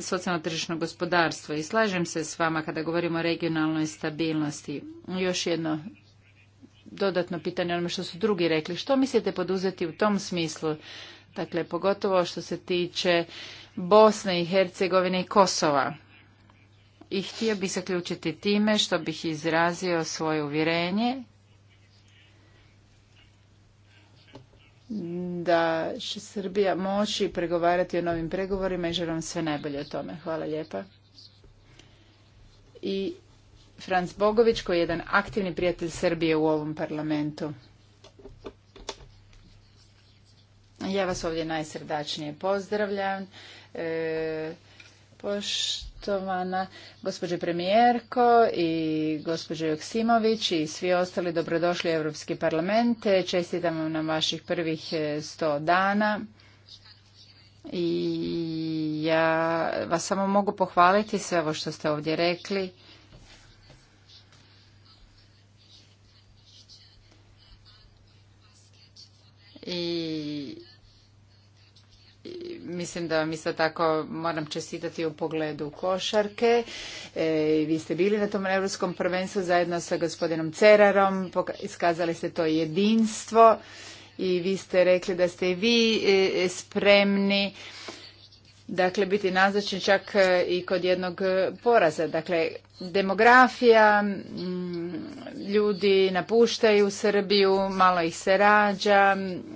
D: socijalno tržišno gospodarstvo. I slažem se s vama kada govorimo o regionalnoj stabilnosti. Još jedno dodatno pitanje onome što su drugi rekli. Što mislite poduzeti u tom smislu? Dakle, pogotovo što se tiče Bosne i Hercegovine i Kosova. I htio bih zaključiti time što bih izrazio svoje uvjerenje da će Srbija moći pregovarati o novim pregovorima i želim sve najbolje o tome. Hvala lijepa. I Franz Bogović koji je jedan aktivni prijatelj Srbije u ovom parlamentu. Ja vas ovdje najsrdačnije pozdravljam. E, poštovana gospođo premijerko i gospođo Joksimović i svi ostali dobrodošli u Europski parlament. E, čestitam vam na vaših prvih e, sto dana. I ja vas samo mogu pohvaliti sve ovo što ste ovdje rekli. i Mislim da vam isto tako moram čestitati u pogledu košarke. E, i vi ste bili na tom europskom prvenstvu zajedno sa gospodinom Cerarom, iskazali ste to jedinstvo i vi ste rekli da ste i vi e, spremni dakle biti nazočni čak e, i kod jednog e, poraza. Dakle, demografija, ljudi napuštaju Srbiju, malo ih se rađa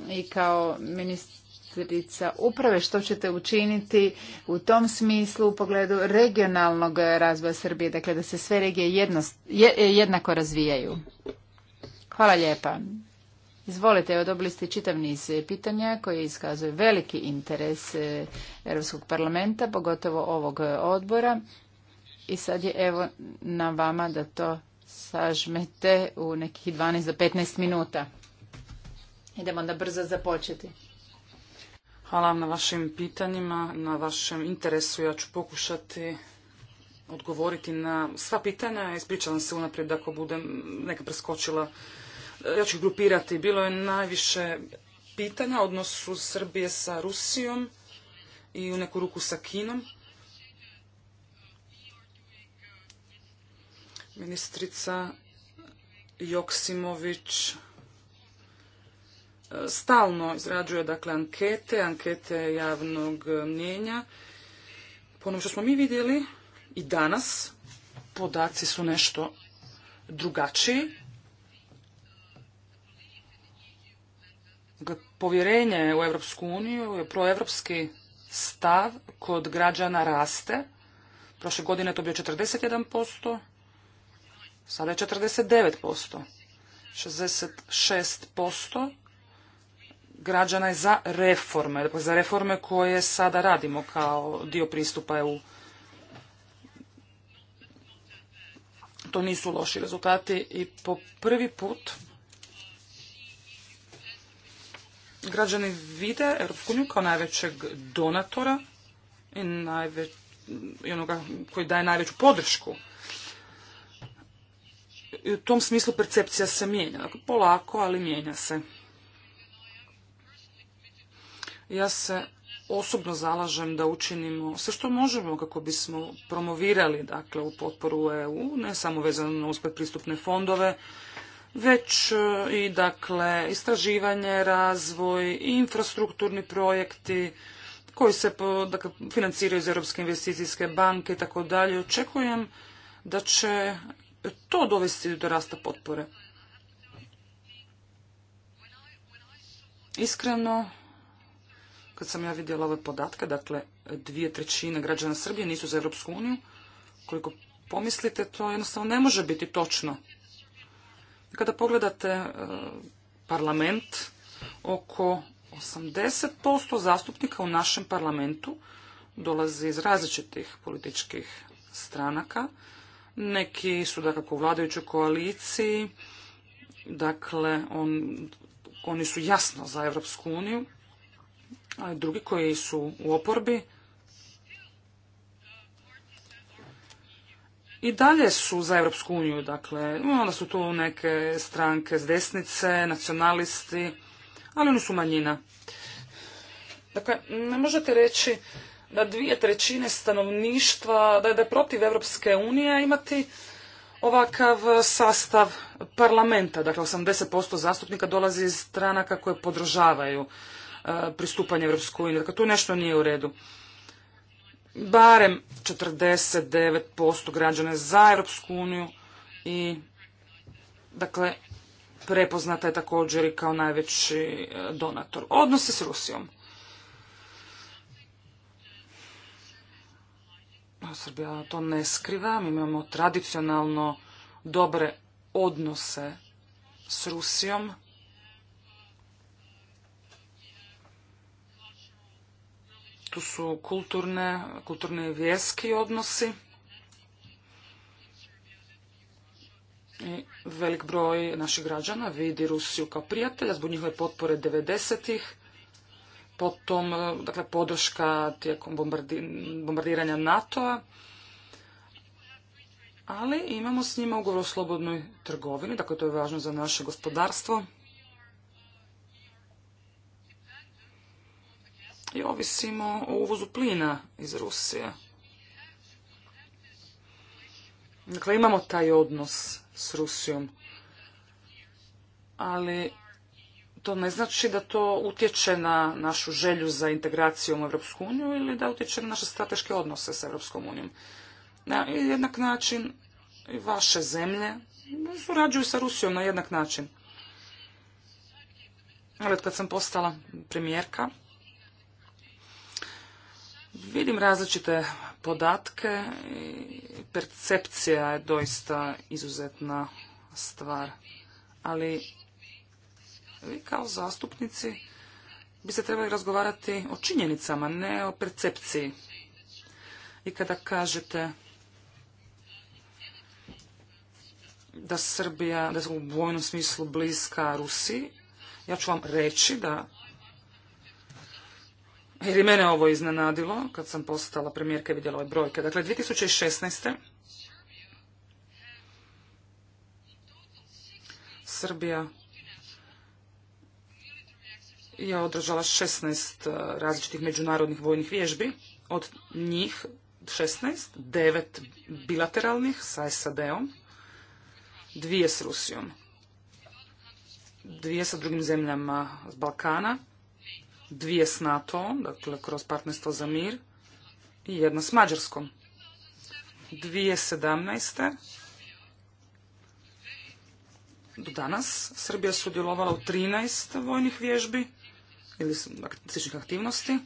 D: i kao ministrica uprave što ćete učiniti u tom smislu u pogledu regionalnog e, razvoja Srbije, dakle da se sve regije jednako razvijaju. Hvala lijepa. Izvolite, evo dobili ste čitav niz e, pitanja koje iskazuje veliki interes e, Europskog parlamenta, pogotovo ovog e, odbora. I sad je evo na vama da to sažmete u nekih 12 do 15 minuta. Idemo onda brzo započeti. Hvala vam na vašim
C: pitanjima, na vašem interesu. Ja ću pokušati odgovoriti na sva pitanja. Ispričavam se unaprijed ako budem neka preskočila ja ću grupirati, bilo je najviše pitanja odnosu Srbije sa Rusijom i u neku ruku sa Kinom. Ministrica Joksimović e, stalno izrađuje dakle ankete, ankete javnog mnjenja. Po onom što smo mi vidjeli i danas podaci su nešto drugačiji. povjerenje u Europsku uniju, proevropski stav kod građana raste. Prošle godine to bio 41%, sada je 49%. 66% građana je za reforme, dakle za reforme koje sada radimo kao dio pristupa EU. To nisu loši rezultati i po prvi put građani vide Europsku uniju kao najvećeg donatora i, i onoga koji daje najveću podršku. I u tom smislu percepcija se mijenja. Dakle, polako, ali mijenja se. Ja se osobno zalažem da učinimo sve što možemo kako bismo promovirali dakle, u potporu EU, ne samo vezano uz pristupne fondove, već e, i dakle istraživanje, razvoj, infrastrukturni projekti koji se dakle, financiraju iz Europske investicijske banke i tako dalje. Očekujem da će to dovesti do rasta potpore. Iskreno, kad sam ja vidjela ove podatke, dakle dvije trećine građana Srbije nisu za Europsku uniju, koliko pomislite, to jednostavno ne može biti točno. Kada pogledate e, parlament, oko 80% zastupnika u našem parlamentu dolazi iz različitih političkih stranaka. Neki su dakako u vladajućoj koaliciji, dakle oni su jasno za Europsku uniju, a drugi koji su u oporbi i dalje su za Europsku uniju, dakle, onda su tu neke stranke s desnice, nacionalisti, ali oni su manjina. Dakle, ne možete reći da dvije trećine stanovništva, da je, da protiv Europske unije imati ovakav sastav parlamenta. Dakle, 80% zastupnika dolazi iz stranaka koje podržavaju e, pristupanje Europskoj uniji. Dakle, tu nešto nije u redu barem 49% građana za Europsku uniju i dakle prepoznata je također i kao najveći e, donator. Odnose s Rusijom. Srbija to ne skriva, imamo tradicionalno dobre odnose s Rusijom. tu su kulturne, kulturne i vjerski odnosi. I velik broj naših građana vidi Rusiju kao prijatelja zbog njihove potpore 90-ih, potom dakle, podrška tijekom bombardiranja NATO-a, ali imamo s njima ugovor o slobodnoj trgovini, dakle to je važno za naše gospodarstvo. i dakle, ovisimo o uvozu plina iz Rusije. Dakle, imamo taj odnos s Rusijom, ali to ne znači da to utječe na našu želju za integracijom u Europsku uniju ili da utječe na naše strateške odnose s Europskom unijom. Na jednak način i vaše zemlje surađuju sa Rusijom na jednak način. Ali kad sam postala premijerka, Vidim različite podatke i percepcija je doista izuzetna stvar. Ali vi kao zastupnici bi se trebali razgovarati o činjenicama, ne o percepciji. I kada kažete da Srbija, da je u vojnom smislu bliska Rusiji, ja ću vam reći da jer je mene ovo iznenadilo kad sam postala premijerka i vidjela ove brojke. Dakle, 2016. Srbija je održala 16 eh, različitih međunarodnih vojnih vježbi. Od njih 16, devet bilateralnih sa SAD-om, dvije s Rusijom, dvije sa drugim zemljama Balkana, dvije s nato dakle kroz partnerstvo za mir i jedna s Mađarskom. 2017. do danas Srbija je sudjelovala u 13 vojnih vježbi ili sličnih aktivnosti.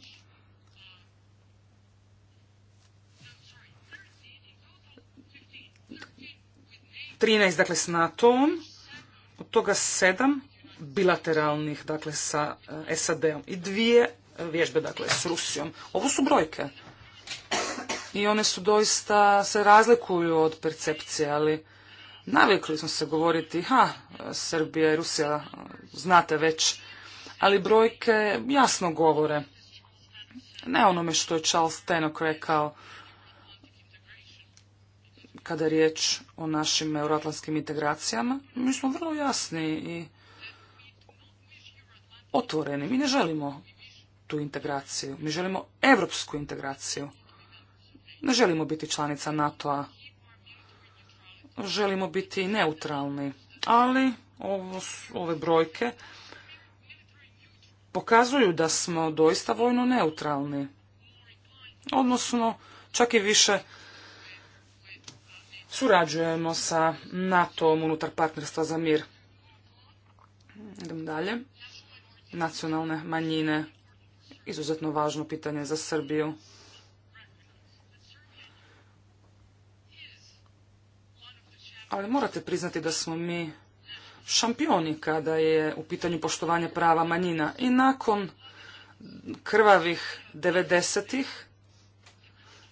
C: Trinaest, dakle, s NATO-om, od toga sedam bilateralnih, dakle sa e, SAD-om i dvije vježbe, dakle s Rusijom. Ovo su brojke i one su doista se razlikuju od percepcije, ali navikli smo se govoriti, ha, Srbija i Rusija znate već, ali brojke jasno govore. Ne onome što je Charles Tenok rekao kada je riječ o našim euroatlantskim integracijama. Mi smo vrlo jasni i otvoreni. Mi ne želimo tu integraciju. Mi želimo evropsku integraciju. Ne želimo biti članica NATO-a. Želimo biti neutralni. Ali ovo, ove brojke pokazuju da smo doista vojno neutralni. Odnosno, čak i više surađujemo sa NATO-om unutar partnerstva za mir. Idem dalje nacionalne manjine. Izuzetno važno pitanje za Srbiju. Ali morate priznati da smo mi šampioni kada je u pitanju poštovanje prava manjina. I nakon krvavih 90-ih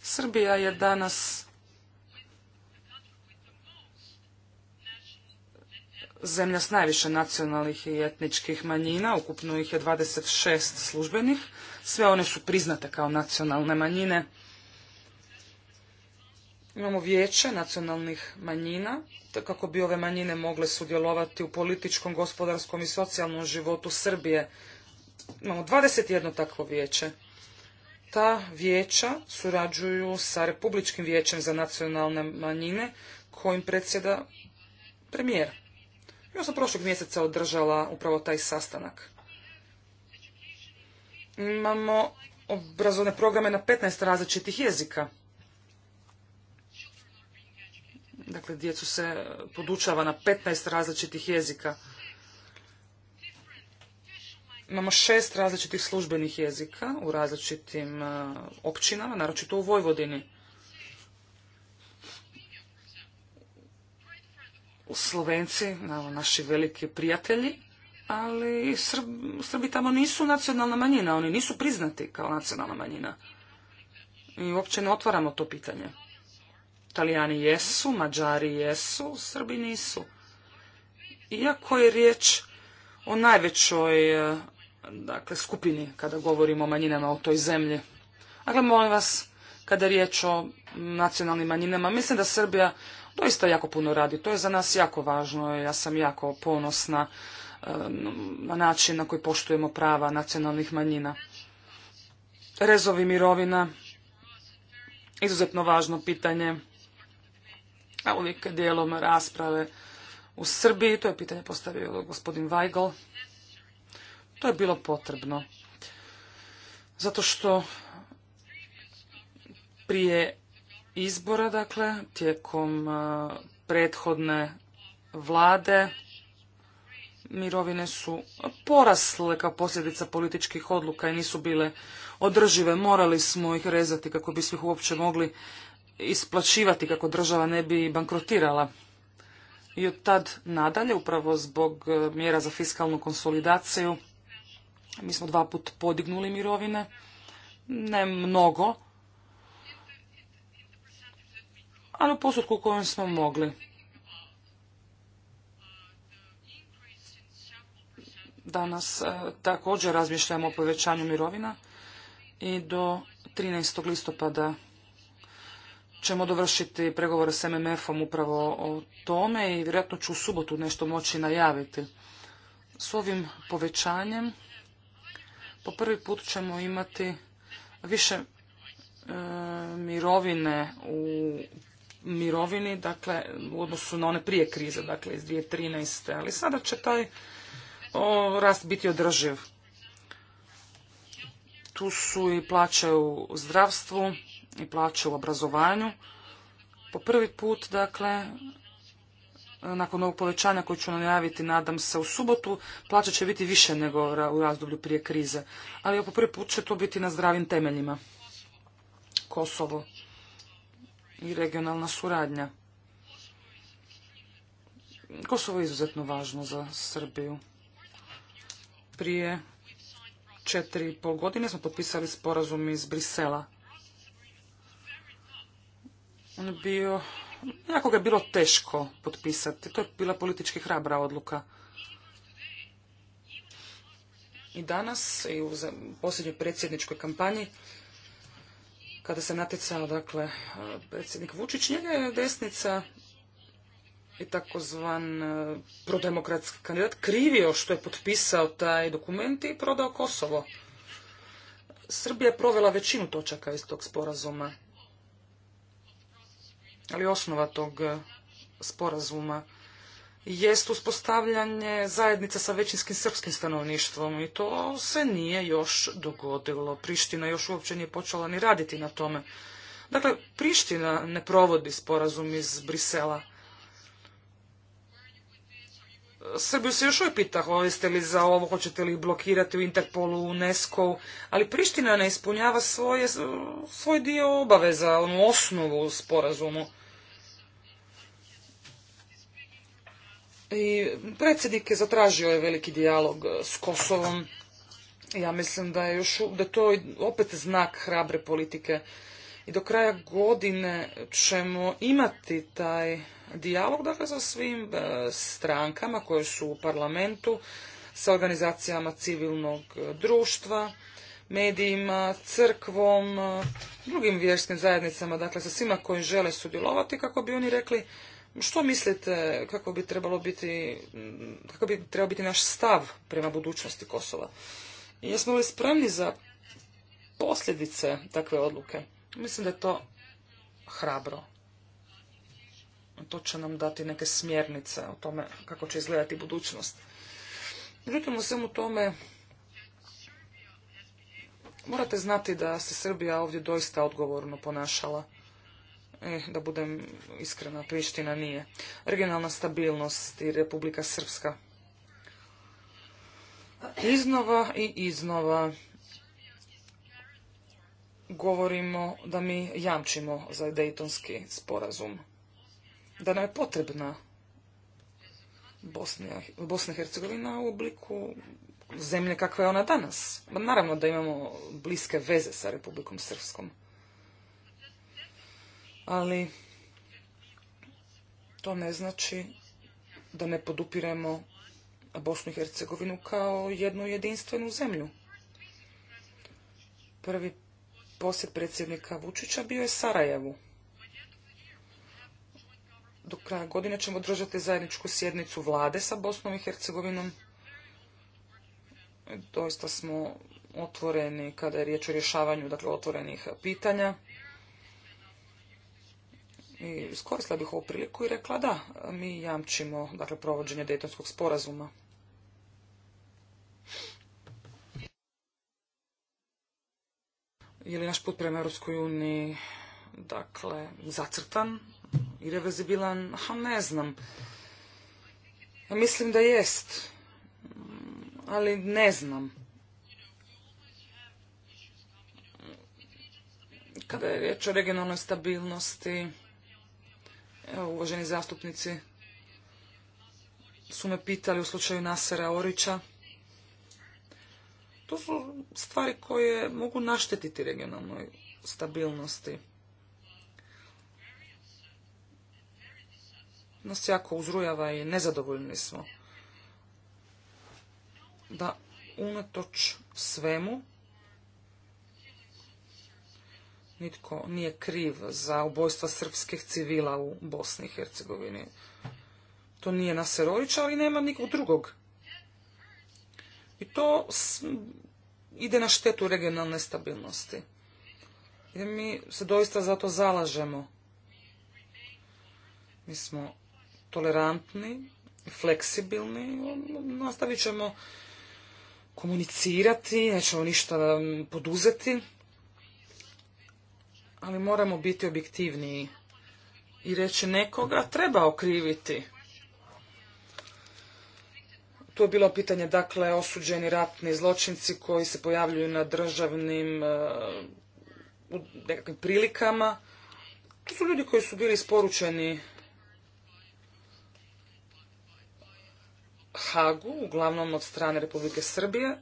C: Srbija je danas zemlja s najviše nacionalnih i etničkih manjina, ukupno ih je 26 službenih, sve one su priznate kao nacionalne manjine. Imamo vijeće nacionalnih manjina, kako bi ove manjine mogle sudjelovati u političkom, gospodarskom i socijalnom životu Srbije. Imamo 21 takvo vijeće. Ta vijeća surađuju sa Republičkim vijećem za nacionalne manjine, kojim predsjeda premijer. Ja sam prošlog mjeseca održala upravo taj sastanak. Imamo obrazovne programe na 15 različitih jezika. Dakle, djecu se podučava na 15 različitih jezika. Imamo šest različitih službenih jezika u različitim eh, općinama, naročito u Vojvodini. Slovenci, naši veliki prijatelji, ali Srbi tamo nisu nacionalna manjina, oni nisu priznati kao nacionalna manjina. I uopće ne otvaramo to pitanje. Italijani jesu, Mađari jesu, Srbi nisu. Iako je riječ o najvećoj e, dakle, skupini kada govorimo o manjinama u toj zemlji. Dakle, molim vas, kada je riječ o nacionalnim manjinama, mislim da Srbija doista jako puno radi. To je za nas jako važno. Ja sam jako ponosna na način na koji poštujemo prava nacionalnih manjina. Rezovi mirovina, izuzetno važno pitanje, a uvijek dijelom rasprave u Srbiji, to je pitanje postavio gospodin Weigl, to je bilo potrebno. Zato što prije izbora, dakle, tijekom e, prethodne vlade mirovine su porasle kao posljedica političkih odluka i nisu bile održive. Morali smo ih rezati kako bi ih uopće mogli isplaćivati kako država ne bi bankrotirala. I od tad nadalje, upravo zbog e, mjera za fiskalnu konsolidaciju, mi smo dva put podignuli mirovine, ne mnogo, ali u postupku u kojem smo mogli. Danas e, također razmišljamo o povećanju mirovina i do 13. listopada ćemo dovršiti pregovore s MMF-om upravo o tome i vjerojatno ću u subotu nešto moći najaviti. S ovim povećanjem po prvi put ćemo imati više e, mirovine u mirovini, dakle, u odnosu na one prije krize, dakle, iz 2013. Ali sada će taj o, rast biti održiv. Tu su i plaće u zdravstvu i plaće u obrazovanju. Po prvi put, dakle, nakon ovog povećanja koje ću najaviti, nadam se, u subotu, plaća će biti više nego u razdoblju prije krize. Ali po prvi put će to biti na zdravim temeljima. Kosovo i regionalna suradnja. Kosovo je izuzetno važno za Srbiju. Prije četiri i pol godine smo potpisali sporazum iz Brisela. On je bio, jako ga je bilo teško potpisati. To je bila politički hrabra odluka. I danas, i u posljednjoj predsjedničkoj kampanji, kada se natjecao dakle, e, predsjednik Vučić, njega je desnica i takozvan e, prodemokratski kandidat krivio što je potpisao taj dokument i prodao Kosovo. Srbija je provela većinu točaka iz tog sporazuma. Ali osnova tog e, sporazuma jest uspostavljanje zajednice sa većinskim srpskim stanovništvom i to se nije još dogodilo. Priština još uopće nije počela ni raditi na tome. Dakle, Priština ne provodi sporazum iz Brisela. Srbiju se još uvijek pita, jeste li za ovo, hoćete li blokirati u Interpolu, UNESCO, ali Priština ne ispunjava svoje, svoj dio obaveza, onu osnovu sporazumu. I predsjednik je zatražio veliki dijalog e, s Kosovom. Ja mislim da je još, da to opet znak hrabre politike. I do kraja godine ćemo imati taj dijalog, dakle, sa svim e, strankama koje su u parlamentu, sa organizacijama civilnog e, društva, medijima, crkvom, drugim vjerskim zajednicama, dakle, sa svima koji žele sudjelovati, kako bi oni rekli što mislite kako bi trebalo biti, mm, kako bi trebao biti naš stav prema budućnosti Kosova? jesmo li spremni za posljedice takve odluke? Mislim da je to hrabro. To će nam dati neke smjernice o tome kako će izgledati budućnost. Međutim, u svemu tome morate znati da se Srbija ovdje doista odgovorno ponašala. Eh, da budem iskrena, Priština nije. Regionalna stabilnost i Republika Srpska. Iznova i iznova govorimo da mi jamčimo za Dejtonski sporazum. Da nam je potrebna Bosna i Hercegovina u obliku zemlje kakva je ona danas. Naravno da imamo bliske veze sa Republikom Srpskom ali to ne znači da ne podupiremo Bosnu i Hercegovinu kao jednu jedinstvenu zemlju. Prvi posjet predsjednika Vučića bio je Sarajevu. Do kraja godine ćemo držati zajedničku sjednicu vlade sa Bosnom i Hercegovinom. Doista smo otvoreni kada je riječ o rješavanju dakle, otvorenih pitanja. I iskoristila bih ovu priliku i rekla da, mi jamčimo dakle, provođenje Dejtonskog sporazuma. Je li naš put prema Europskoj uniji dakle, zacrtan, reverzibilan? Aha, ne znam. Ja mislim da jest, ali ne znam. kada je riječ o regionalnoj stabilnosti Evo, uvaženi zastupnici su me pitali u slučaju Nasera Orića. To su stvari koje mogu naštetiti regionalnoj stabilnosti. Nas jako uzrujava i nezadovoljni smo da unatoč svemu nitko nije kriv za ubojstva srpskih civila u Bosni i Hercegovini. To nije Naserović, ali nema nikog drugog. I to ide na štetu regionalne stabilnosti. I mi se doista za to zalažemo. Mi smo tolerantni, fleksibilni, nastavit ćemo komunicirati, nećemo ništa poduzeti ali moramo biti objektivniji i reći nekoga treba okriviti. Tu je bilo pitanje, dakle, osuđeni ratni zločinci koji se pojavljuju na državnim e, nekakvim prilikama. To su ljudi koji su bili isporučeni Hagu, uglavnom od strane Republike Srbije,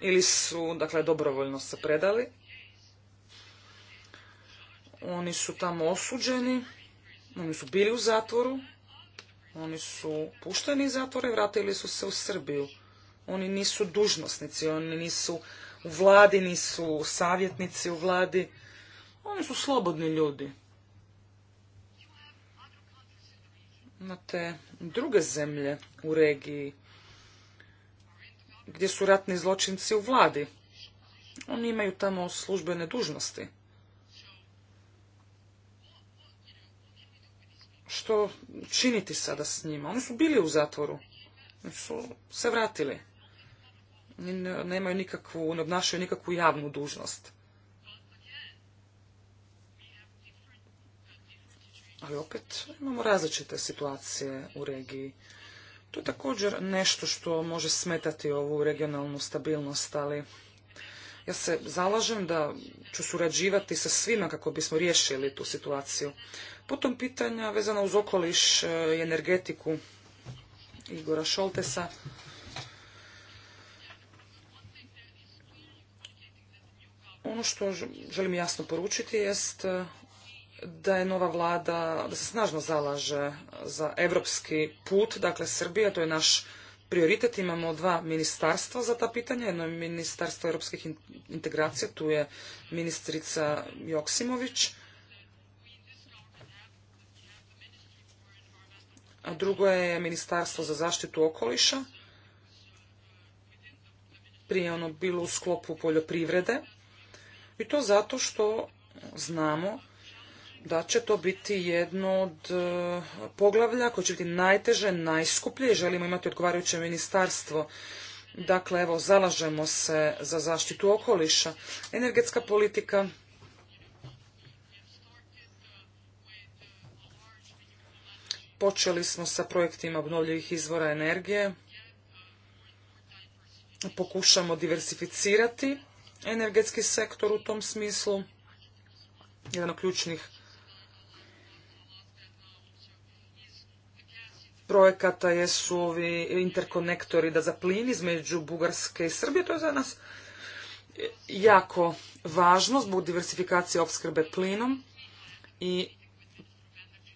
C: ili su, dakle, dobrovoljno se predali. Oni su tamo osuđeni, oni su bili u zatvoru, oni su pušteni iz zatvora i vratili su se u Srbiju. Oni nisu dužnosnici, oni nisu u vladi, nisu savjetnici u vladi. Oni su slobodni ljudi. Imate druge zemlje u regiji gdje su ratni zločinci u vladi. Oni imaju tamo službene dužnosti. što činiti sada s njima. Oni su bili u zatvoru. Oni su se vratili. Nemaju nikakvu, ne obnašaju nikakvu javnu dužnost. Ali opet imamo različite situacije u regiji. To je također nešto što može smetati ovu regionalnu stabilnost, ali ja se zalažem da ću surađivati sa svima kako bismo riješili tu situaciju. Potom pitanja vezana uz okoliš e, i energetiku Igora Šoltesa. Ono što želim jasno poručiti jest e, da je nova vlada, da se snažno zalaže za evropski put, dakle Srbija, to je naš prioritet imamo dva ministarstva za ta pitanja. Jedno je ministarstvo europskih integracija, tu je ministrica Joksimović. A drugo je ministarstvo za zaštitu okoliša. Prije ono bilo u sklopu poljoprivrede. I to zato što znamo da će to biti jedno od e, poglavlja koje će biti najteže, najskuplje i želimo imati odgovarajuće ministarstvo. Dakle, evo, zalažemo se za zaštitu okoliša. Energetska politika, Počeli smo sa projektima obnovljivih izvora energije. Pokušamo diversificirati energetski sektor u tom smislu. Jedan od ključnih projekata jesu ovi interkonektori da za plin između Bugarske i Srbije. To je za nas jako važno zbog diversifikacije opskrbe plinom i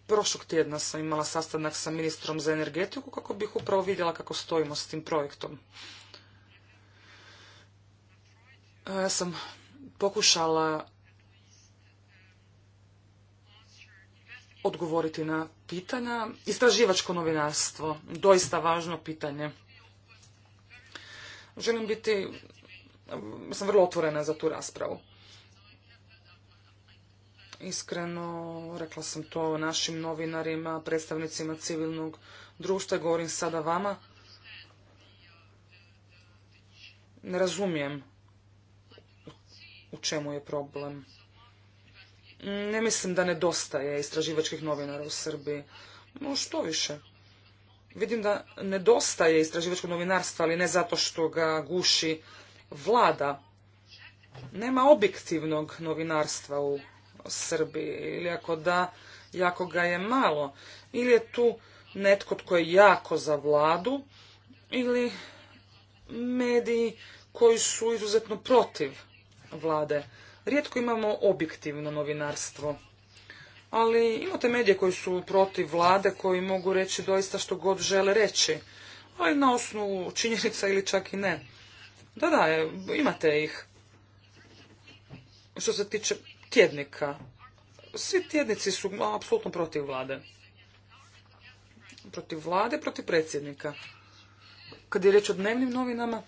C: prošlog tjedna sam imala sastanak sa ministrom za energetiku kako bih upravo vidjela kako stojimo s tim projektom. E, ja sam pokušala odgovoriti na pitanja. Istraživačko novinarstvo, doista važno pitanje. Želim biti, sam vrlo otvorena za tu raspravu. Iskreno, rekla sam to našim novinarima, predstavnicima civilnog društva, govorim sada vama. Ne razumijem u čemu je problem. Ne mislim da nedostaje istraživačkih novinara u Srbiji. No što više. Vidim da nedostaje istraživačkog novinarstva, ali ne zato što ga guši vlada. Nema objektivnog novinarstva u Srbiji ili ako da, jako ga je malo. Ili je tu netko tko je jako za vladu ili mediji koji su izuzetno protiv vlade rijetko imamo objektivno novinarstvo. Ali imate medije koji su protiv vlade, koji mogu reći doista što god žele reći, ali na osnovu činjenica ili čak i ne. Da, da, imate ih. Što se tiče tjednika, svi tjednici su apsolutno protiv vlade. Protiv vlade, protiv predsjednika. Kad je riječ o dnevnim novinama,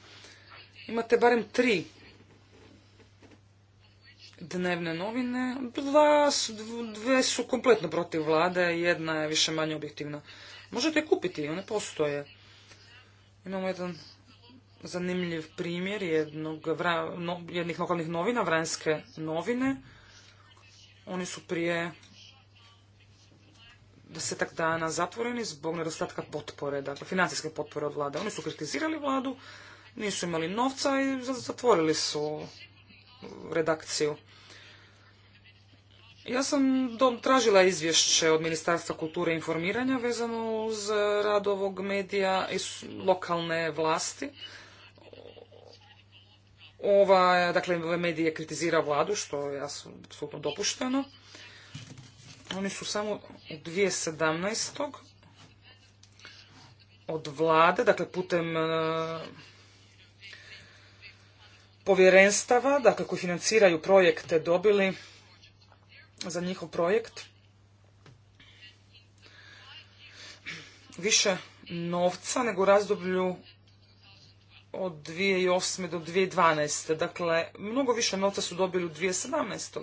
C: imate barem tri dnevne novine, dva dve su kompletno protiv vlade, jedna je više manje objektivna. Možete je kupiti, one postoje. Imamo jedan zanimljiv primjer jednog, jednih lokalnih novina, vranjske novine. Oni su prije desetak dana zatvoreni zbog nedostatka potpore, dakle financijske potpore od vlade. Oni su kritizirali vladu, nisu imali novca i zatvorili su redakciju. Ja sam dom tražila izvješće od Ministarstva kulture i informiranja vezano uz rad ovog medija i lokalne vlasti. Ova, dakle, medije kritizira vladu, što je apsolutno dopušteno. Oni su samo od 2017. od vlade, dakle, putem povjerenstava, dakle koji financiraju projekte, dobili za njihov projekt više novca nego u razdoblju od 2008. do 2012. Dakle, mnogo više novca su dobili u 2017.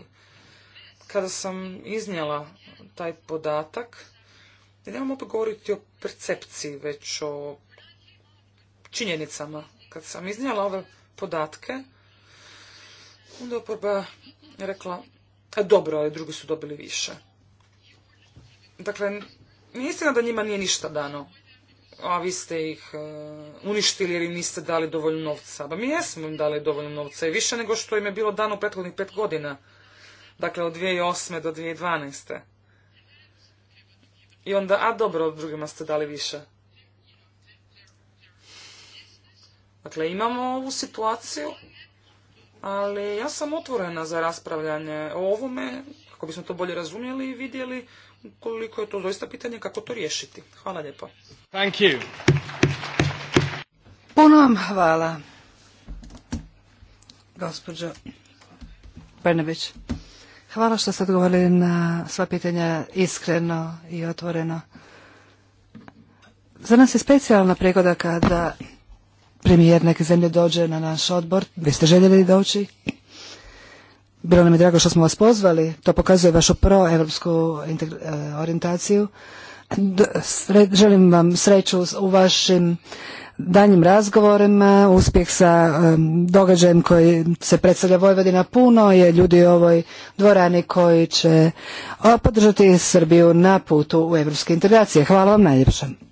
C: Kada sam iznijela taj podatak, ne nemam opet govoriti o percepciji, već o činjenicama. Kad sam iznijela ove podatke, Onda oporba je rekla, a dobro, ali drugi su dobili više. Dakle, nije istina da njima nije ništa dano, a vi ste ih e, uništili jer im niste dali dovoljno novca. Pa mi jesmo im dali dovoljno novca i više nego što im je bilo dano u prethodnih pet godina. Dakle, od 2008. do 2012. I onda, a dobro, drugima ste dali više. Dakle, imamo ovu situaciju ali ja sam otvorena za raspravljanje o ovome, kako bismo to bolje razumjeli i vidjeli koliko je to doista pitanje kako to riješiti. Hvala lijepo. Thank you.
A: Puno vam hvala, gospođo Brnević. Hvala što ste odgovorili na sva pitanja iskreno i otvoreno. Za nas je specijalna prigoda kada premijer neke zemlje dođe na naš odbor. Vi ste željeli doći? Bilo nam je drago što smo vas pozvali. To pokazuje vašu proeuropsku eh, orijentaciju. Želim vam sreću u vašim danjim razgovorima, uspjeh sa događajem koji se predstavlja Vojvodina puno je ljudi u ovoj dvorani koji će eh, podržati Srbiju na putu u evropske integracije. Hvala vam najljepša.